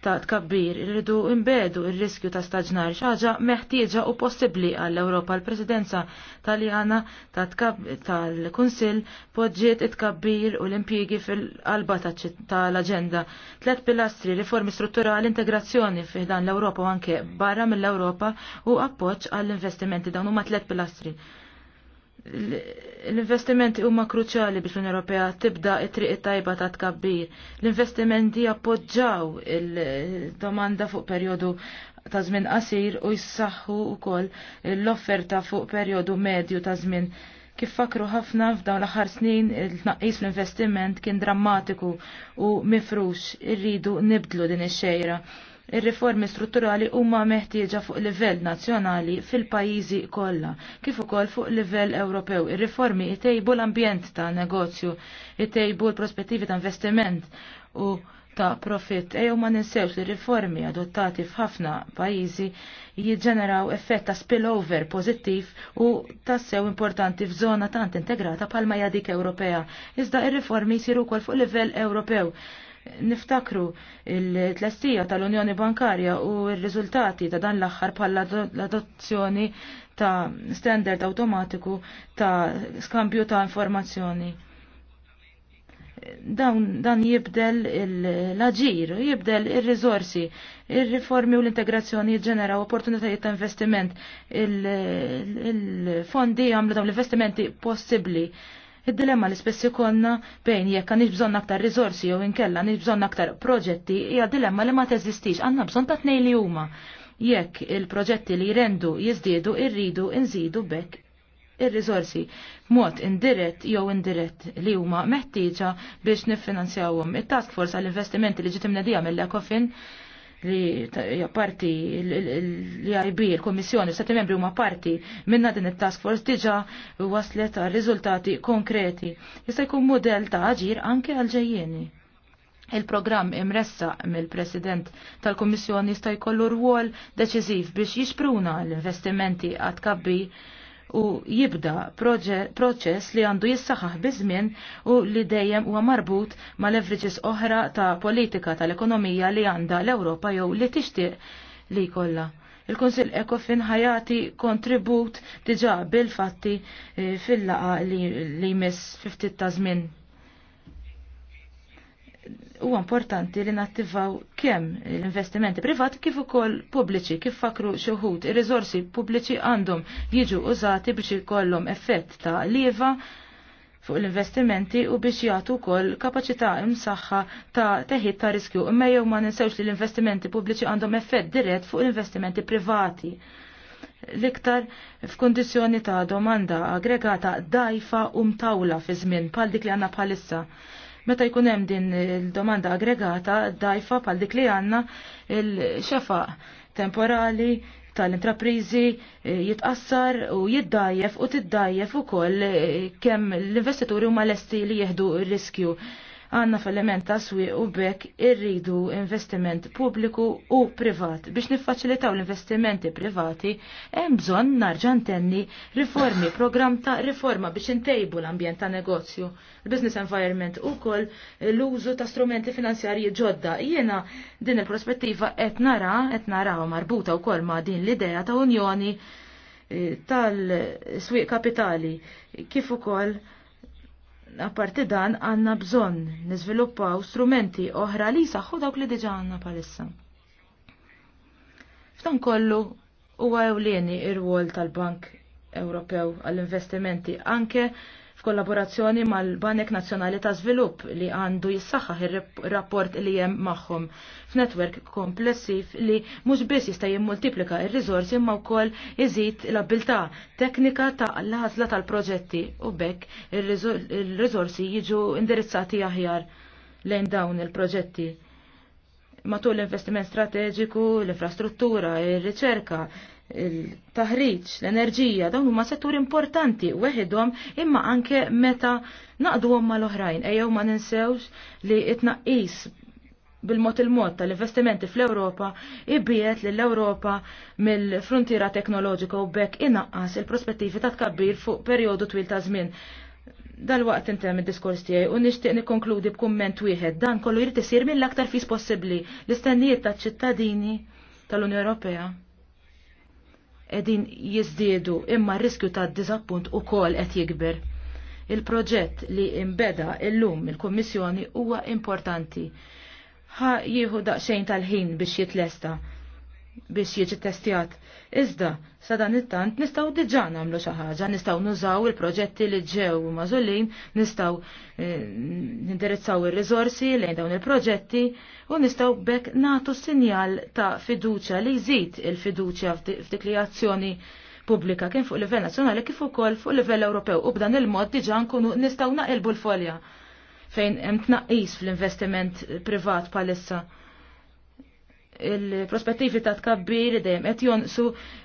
ta' tkabbir, irridu imbedu il-riskju ta' staġnar, xaġa meħtieġa u possibli għall-Europa. L-presidenza taljana tal-Kunsil podġiet it-kabbir u l-impjigi fil-qalba tal-agenda. Tlet pilastri, riformi strutturali, integrazzjoni fiħdan l-Europa u anke barra mill-Europa u appoċ għall-investimenti dawn huma tlet pilastri. L-investimenti huma kruċjali biex l-Unjoni Ewropea tibda it-triq it tajba ta' tkabbir. L-investimenti appoġġaw il-domanda fuq perjodu ta' żmien qasir u jissaħħu wkoll l-offerta fuq perjodu medju ta' żmien. Kif fakru ħafna f'dawn l-aħħar snin il-tnaqqis l investiment kien drammatiku u mifrux irridu nibdlu din ix-xejra ir-riformi strutturali huma meħtieġa fuq livell nazzjonali fil-pajjiżi kollha, kif ukoll fuq livell Ewropew. Ir-riformi jtejbu l-ambjent ta' negozju, jtejbu l-prospettivi ta' investiment u ta' profit. Ejjew ma ninsewx li riformi adottati f'ħafna pajjiżi jiġġeneraw effett ta' spillover pożittiv u tassew importanti f'żona tant integrata palma jadik Ewropea. Iżda ir-riformi jsiru wkoll fuq livell Ewropew niftakru il-tlestija tal-Unjoni Bankarja u r-riżultati ta' dan l-aħħar bħala l-adozzjoni ta' standard automatiku ta' skambju ta' informazzjoni. Dan, dan jibdel l-aġir, jibdel il-rizorsi, il-riformi u l-integrazzjoni ġeneraw opportunitajiet ta' investiment, il-fondi il għamlu dawn l-investimenti possibli Id-dilemma li spessi konna bejn jekk għandix bżonn aktar rizorsi jew inkella għandix bżonn aktar proġetti hija dilemma li ma teżistix, għandna bżonn ta' tnejn li huma. Jekk il-proġetti li jrendu jiżdiedu irridu nżidu bekk ir-riżorsi b'mod indirett jew indirett li huma meħtieġa biex niffinanzjawhom. It-task force għall-investimenti li ġiet imnedija mill ekofin li parti li IB, il-Komissjoni, sati membri huma parti minna din it-task force diġa waslet għal riżultati konkreti. Jista' jkun model ta' aġir anke għal ġejjeni. Il-programm imressa mill-President tal-Komissjoni jista' jkollu rwol deċiżiv biex jixpruna l-investimenti għad kabbi u jibda proċess li għandu jissaħħaħ biżmien u li dejjem huwa marbut ma' leverages oħra ta' politika tal-ekonomija li għandha l-Ewropa jew li tixtieq li jkollha. Il-Konsil Ekofin ħajati kontribut diġa bil-fatti eh, fil-laqa li jmiss 50 ta' żmien huwa importanti li nattivaw kemm l-investimenti privati kif ukoll pubbliċi kif fakru xuħud ir-riżorsi pubbliċi għandhom jiġu użati biex jkollhom effett ta' lieva fuq l-investimenti u biex jagħtu wkoll kapaċità imsaħħa ta' teħid ta' riskju imma jew ma ninsewx li l-investimenti pubbliċi għandhom effett dirett fuq l-investimenti privati l-iktar f'kondizjoni ta' domanda aggregata dajfa u um mtawla fi żmien bħal dik li għandna bħalissa. Meta jkun hemm din il-domanda aggregata dajfa bħal dik li għandna il-xefa temporali tal-intraprizi eh, jitqassar u jiddajjef u tiddajjef ukoll eh, kemm l-investituri huma lesti li jieħdu r-riskju għanna fallement ta' swieq u bekk irridu investiment pubbliku u privat. Biex niffaċilitaw l-investimenti privati, hemm bżonn narġa' ntenni riformi, programm ta' riforma biex intejbu l-ambjent ta' negozju, l-business environment u koll l-użu ta' strumenti finanzjarji ġodda. Jiena din il-prospettiva qed nara, qed naraw marbuta wkoll ma' din l-idea ta' unjoni eh, tal-swieq kapitali kif ukoll apparti dan għanna bżon niżviluppaw strumenti oħra li saħħu dawk li diġa għanna palissa. F'dan kollu huwa ewlieni ir-rwol tal-Bank Ewropew għall-investimenti anke f'kollaborazzjoni mal-Banek Nazzjonali ta' Zvilupp li għandu jissaħħaħ ir-rapport li hemm magħhom f'netwerk komplessiv li mhux biss jista' jimmultiplika r rizorsi imma wkoll iżid l abilta teknika ta' l ħazla tal-proġetti u bekk ir rizorsi jiġu indirizzati aħjar lejn dawn il-proġetti matul l-investiment strateġiku, l-infrastruttura, ir-riċerka, il il-taħriġ, l-enerġija, dawn huma settur importanti weħidhom imma anke meta naqduhom mal-oħrajn. Ejjew ma ninsewx li itnaqqis bil-mod il-mod tal-investimenti fl-Ewropa ibiet l ewropa mill-frontiera teknoloġika u bekk inaqqas il-prospettivi ta' tkabbir fuq perjodu twil ta' żmien. Dal-waqt intemm id-diskors tiegħi u nixtieq nikkonkludi b'kumment wieħed dan kollu jrid isir mill-aktar fis possibbli l-istennijiet taċ-ċittadini tal-Unjoni Ewropea edin jizdiedu imma riskju ta' dizappunt u kol qed jikber. Il-proġett li imbeda il-lum il-Kommissjoni huwa importanti. Ħa jieħu daqsxejn tal-ħin biex jitlesta biex jiġi testjat. Iżda, sa dan it-tant nistgħu diġà nagħmlu xi ħaġa, nistgħu nużaw il-proġetti li ġew mażullin, nistgħu eh, nindirizzaw ir rizorsi lejn dawn il-proġetti u nistgħu bekk nagħtu sinjal ta' fiduċja li jżid il-fiduċja f'dik li azzjoni pubblika kien fuq livell nazzjonali kif ukoll fuq livell Ewropew u b'dan il-mod diġà nkunu nistgħu naqilbu l-folja fejn hemm tnaqqis fl-investiment privat palissa. issa il-prospettivi ta' tkabbir dejjem qed jonqsu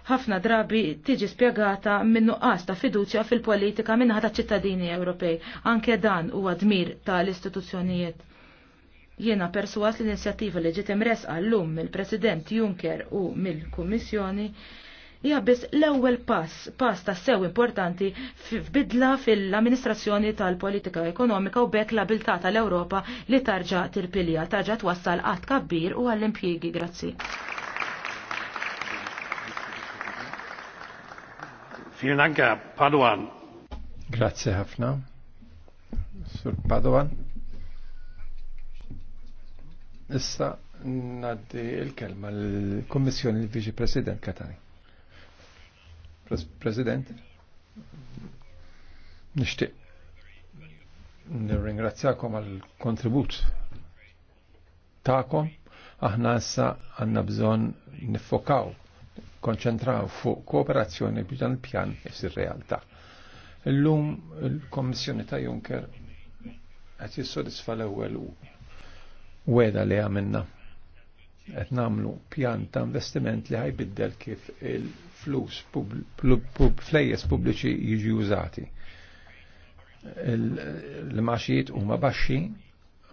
ħafna drabi tiġi spjegata minn nuqqas ta' fiduċja fil-politika minnaħa ta' ċittadini Ewropej. Anke dan huwa dmir tal-istituzzjonijiet. Jiena persuas l-inizjattiva li ġiet imresqa llum mill-President Juncker u mill-Kummissjoni hija biss l-ewwel pass, pass ta' sew importanti f'bidla fil-amministrazzjoni tal-politika ekonomika u bekk l-abilità tal-Ewropa li tarġa tirpilja, tarġa twassal qatt kabbir u għall-impjiegi. Grazzi. Finanka Padwan. Grazie ħafna. Sur Padwan. Issa naddi il-kelma l-Kommissjoni l-Viċi President Katani. President, nishtiq nirringrazzjakom għal kontribut ta'kom. Aħna issa għanna bżon nifokaw, konċentraw fuq kooperazzjoni biex dan pjan jisir realtà. Illum il-Kommissjoni ta' Juncker qed jissodisfa l-ewwel weda li għamilna qed nagħmlu pjan ta' investiment li ħajbiddel kif il-flus flejjes pubbliċi jiġi użati. Il-maxijiet huma baxxi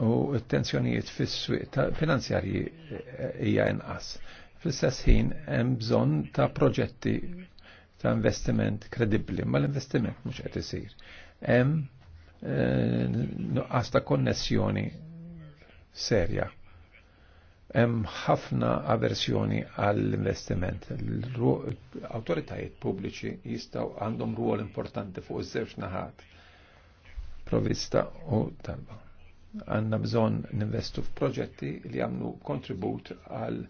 u t-tensjonijiet fis-swieq finanzjarji eh, hija inqas. Fl-istess ħin hemm bżonn ta' proġetti ta' investiment kredibbli, ma l-investiment mhux qed isir. Hemm eh, nuqqas ta' konnessjoni serja hemm ħafna aversjoni għall-investiment. L-autoritajiet pubbliċi jistgħu għandhom ruol importanti fuq iż-żewġ naħat provista u talba. Għandna bżonn ninvestu f'proġetti li għamlu kontribut għal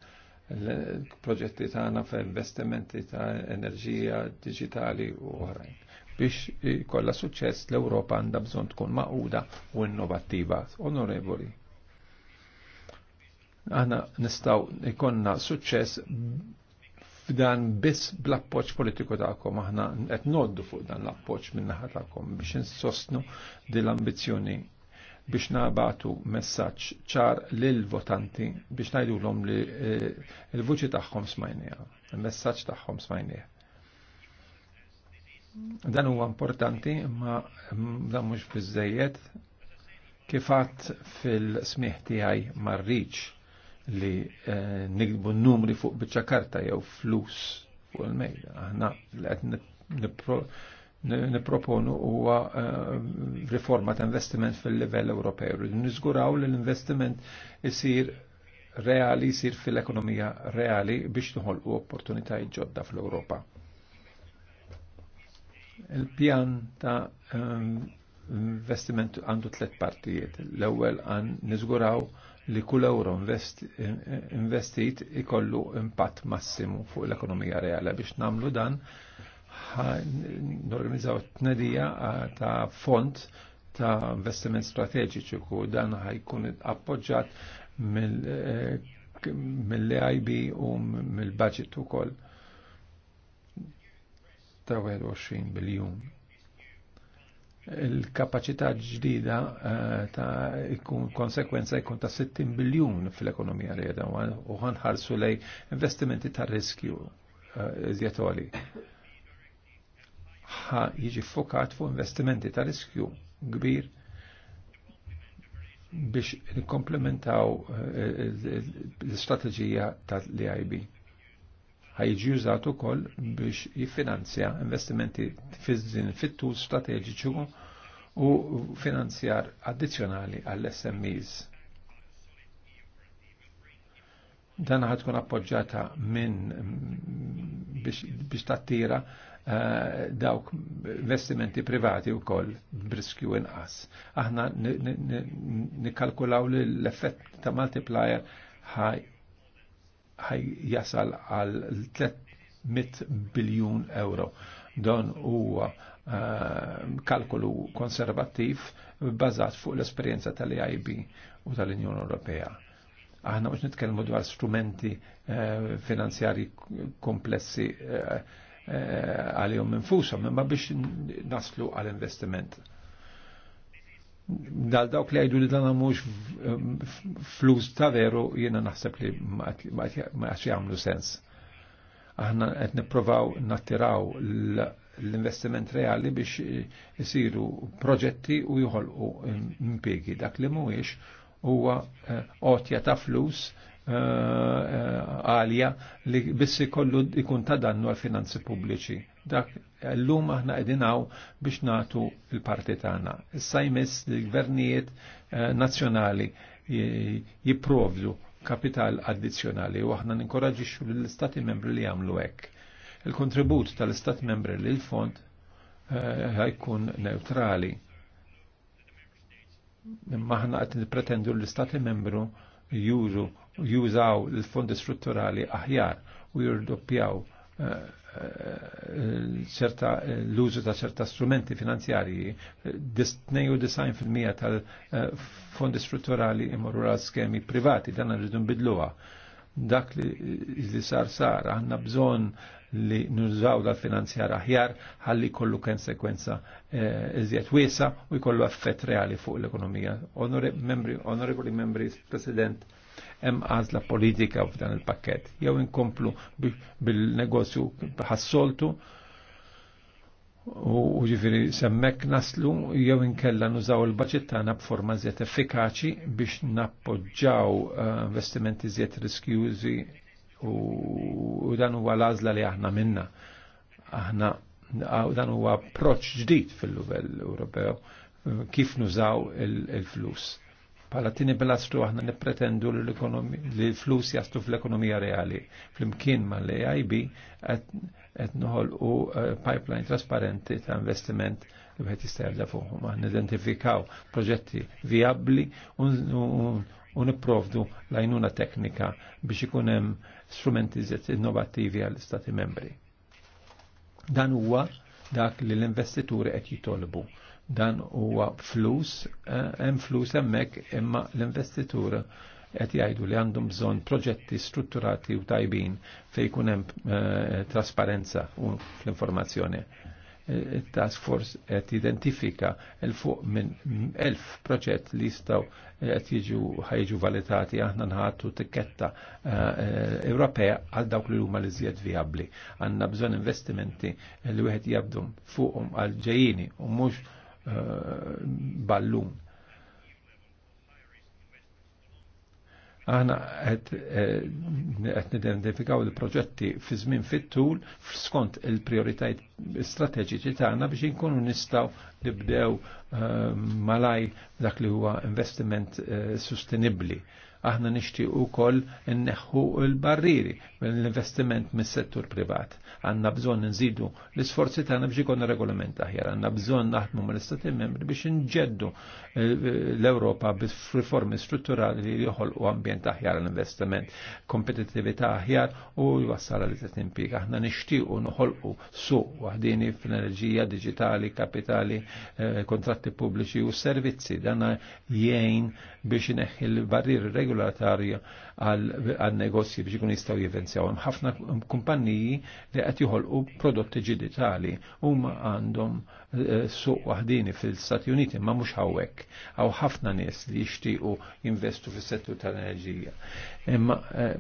proġetti tagħna f'investimenti ta' enerġija digitali u oħrajn. Biex kollha suċċess l-Ewropa għandha bżonn tkun maquda u innovattiva. Onorevoli għana nistaw ikonna suċċess f'dan biss bl-appoċ politiku ta'kom, aħna qed noddu fuq dan l-appoċ minnaħa ta'kom biex insostnu din l-ambizzjoni biex nabatu messaġġ ċar lil votanti biex ngħidulhom li eh, l-vuċi tagħhom smajnija, il-messaġġ tagħhom smajnija. Dan huwa importanti, ma dan mhux biżejjed kifat fil-smieħ tiegħi mar-riċ li eh, nikbu numri fuq bieċa karta jew flus fuq il-mejda. Aħna li niproponu huwa eh, riforma ta' investiment fil-livell Ewropew. Niżguraw li l-investiment isir reali jisir fil-ekonomija reali biex nħolqu opportunitajiet ġodda fl-Ewropa. Il-pjan ta' eh, investiment għandu tlet partijiet. L-ewwel għan niżguraw li kull euro investit ikollu impatt massimu fuq l-ekonomija reali. Biex namlu dan, norganizzaw t-nedija ta' font ta' investiment strategiċi ku dan ħajkun appoġġat eh, mill-AIB u mill-budget u koll ta' 21 biljun il-kapacità ġdida ta' ikun konsekwenza jkun ta' 60 biljun fil-ekonomija li reda u ħanħarsu lej investimenti ta' riskju iżjetoli. Ha jiġi fokat fuq investimenti ta' riskju kbir biex komplementaw l-istrateġija ta' ib ħajġi użat ukoll biex jiffinanzja investimenti fit-tul strateġiċu u finanzjar addizzjonali għall-SMEs. Dan ħad tkun appoġġata minn biex tattira eh, dawk investimenti privati u koll briskju inqas. Aħna nikkalkulaw li l-effett ta' multiplier ħaj ħaj jasal għal 300 biljun euro. Don huwa eh, kalkolu konservattiv bazat fuq l-esperjenza tal ib u tal-Unjoni Ewropea. Aħna mhux nitkellmu dwar strumenti eh, finanzjari komplessi jom eh, minfusom, imma biex naslu għal-investiment dal dawk li għajdu li dan mhux flus ta' veru jiena naħseb li ma għax jagħmlu sens. Aħna qed nipprovaw nattiraw l-investiment reali biex isiru proġetti u jħolqu impiegi dak li mhuwiex huwa għotja eh, ta' flus għalja li biss kollu ikun ta' dannu għal finanzi pubbliċi. Dak l-lum aħna għedinaw biex natu il-parti tagħna. Issa jmiss li gvernijiet eh, nazzjonali jipprovdu kapital addizzjonali u aħna ninkoraġixxu lill-istati membri li jagħmlu hekk. Il-kontribut tal-istati membri l fond eh, ħajkun neutrali. Imma aħna qed nippretendu l-istati membru juru jużaw l-fondi strutturali aħjar u jirdoppjaw eh, eh, l-użu ta' ċerta strumenti finanzjarji, 92% tal-fondi eh, strutturali imorru għal skemi privati, dan rridu nbidluha. Dak li sar sar, għanna bżon li nużaw dal-finanzjar aħjar ħalli kollu konsekwenza iżjed wiesa u jkollu effett reali fuq l-ekonomija. Membri, onorevoli membri, President, hemm għażla politika f'dan il-pakket. Jew inkomplu bil-negozju ħassoltu u ġifiri semmek naslu jew inkella nużaw il budget tagħna b'forma żiet effikaċi biex nappoġġaw eh, investimenti żiet riskjużi u dan huwa l-għażla li aħna minna. Aħna dan huwa approċċ ġdid fil-livell Ewropew eh, kif nużaw il-flus. Pala tini bil-astu aħna nipretendu li l-flus jastu fl-ekonomija reali. Flimkien ma l-AIB għet nħol u eh, pipeline trasparenti ta' investiment li bħet jistajda fuqhom. Aħna identifikaw proġetti viabli u niprovdu lajnuna teknika biex ikunem strumenti zet innovativi għall-Stati membri. Dan huwa dak li l-investituri qed jitolbu Dan huwa flus, eh, hemm flus hemmhekk imma l-investitura qed jgħidu li għandhom bżonn proġetti strutturati u tajbin fejn jkun hemm eh, trasparenza u fl-informazzjoni. Il-task eh, force qed identifika l fuq minn elf proġett li jistgħu qed jiġu ħajġu valitati aħna nħattu tikketta Ewropea għal dawk li huma li żjed viabbli. Għandna bżonn investimenti li wieħed jabdum fuqhom għal ġejjini u mhux ballun. Aħna eh, qed nidentifikaw il-proġetti fi żmien fit-tul skont il-prioritajiet strateġiċi tagħna biex inkunu nistgħu nibdew eh, malaj dak li huwa investiment eh, sostenibbli. Aħna nixtieq n inneħħu l-barriri mill-investiment mis-settur privat. Għandna bżonn nżidu l-isforzi tagħna biex ikun regolament aħjar, għandna bżonn naħdmu mal-Istati membri biex inġeddu l-Ewropa b'riformi strutturali li joħolqu ambjent aħjar l-investiment, Kompetitivita aħjar u jwassal li qed impjieg. Aħna nixtiequ noħolqu suq waħdini fl-enerġija diġitali, kapitali, eh, kontratti pubbliċi u servizzi. Dan jgħin biex ineħħi l-barriri regolatarja għal negozji biex ikun jistgħu jivvenzjaw. Hemm ħafna kumpanniji li qed joħolqu prodotti ġiditali huma għandhom eh, suq waħdini fil-Stati Uniti ma mhux hawnhekk. Aw ħafna nies li jixtiequ jinvestu fis-settur tal-enerġija. Imma eh,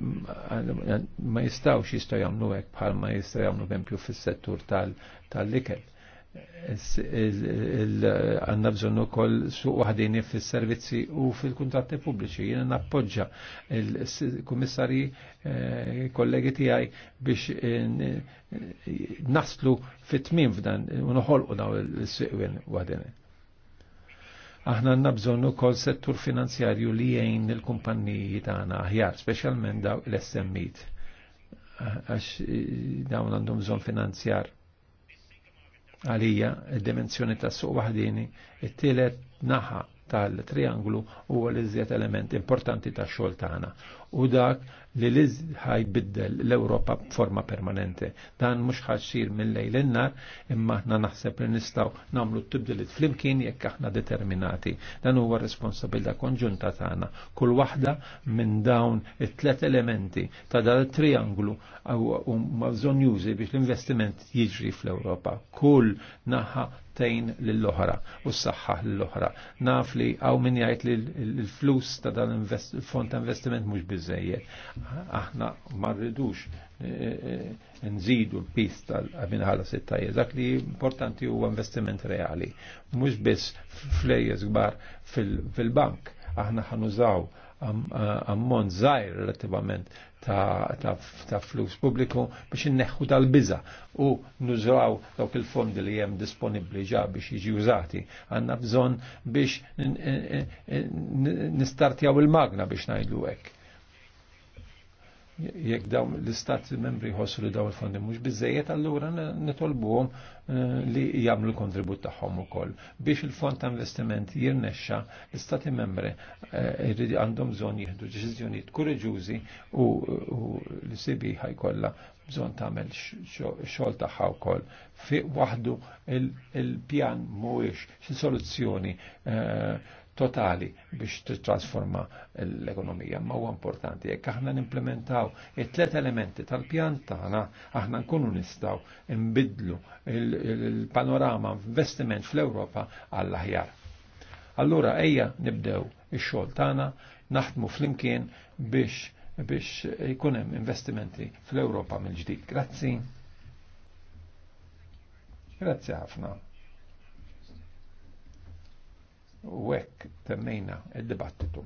ma jistgħux jistgħu jagħmlu hekk bħalma jistgħu jagħmlu bempju fis-settur tal likel għanna bżonnu kol suq wahdini fil-servizzi u fil kuntratti pubbliċi. Jena nappoġġa il-kummissari eh, kollegi tijaj biex eh, naslu fit-tmim f'dan u noħolqu daw il sikwin wahdini. Aħna għanna bżonnu kol settur finanzjarju li jgħin il-kumpanniji tagħna aħjar, specialment daw l-SMIT għax eh, dawn għandhom bżon finanzjar għalija id-dimensjoni tas suq waħdini, it-tielet naħa tal-trianglu huwa l-iżjed element importanti ta' xogħol tagħna. U dak li l ħajbiddel l-Ewropa b'forma permanenti. Dan mhux ħaxxir mill-lejl innar, imma aħna naħseb li nistgħu nagħmlu t-tibdilit flimkien jekk aħna determinati. Dan huwa responsabilità konġunta tagħna. Kull waħda minn dawn it-tlet elementi ta' dal trianglu u bżonn jużi biex l-investiment jiġri fl-Ewropa. Kull naħa tejn lill-oħra u s-saħħa lill-oħra. Naf li għaw min jgħid li l-flus ta' dan il-fond ta' investiment mhux bizzejiet. Aħna ma rridux eh, eh, eh, nżidu l-pis tal s sittajja. Dak li importanti huwa investiment reali. Mhux biss flejjes gbar fil-bank. Aħna ħanużaw ammont zaħir relativament ta' flus pubbliku biex inneħħu tal biża u nużraw dawk il-fondi li hemm disponibbli ġa biex jiġi użati. Għandna bżonn biex nistartjaw il-magna biex najdu hekk jekk dawn l-istati membri jħossu li dawn il-fondi mhux biżejjed allura nitolbuhom eh, li jagħmlu kontribut tagħhom ukoll. Biex il-fond ta' investiment jirnexxa, l-istati membri eh, għandhom bżonn jieħdu deċiżjonijiet kureġużi u l-sibi ta' bżonn tagħmel xogħol tagħha wkoll. fi waħdu il-pjan mhuwiex xi soluzzjoni eh, totali biex t-trasforma l-ekonomija. Ma huwa importanti jekk aħna n-implementaw it-tlet elementi tal-pjan tagħna aħna nkunu nistgħu nbidlu il-panorama investiment fl-Ewropa għall aħjar Allura ejja nibdew ix-xogħol tagħna, naħdmu flimkien biex biex jkun hemm investimenti fl-Ewropa mill-ġdid. Grazzi. Grazzi ħafna. U hekk temmejna id-dibattitu.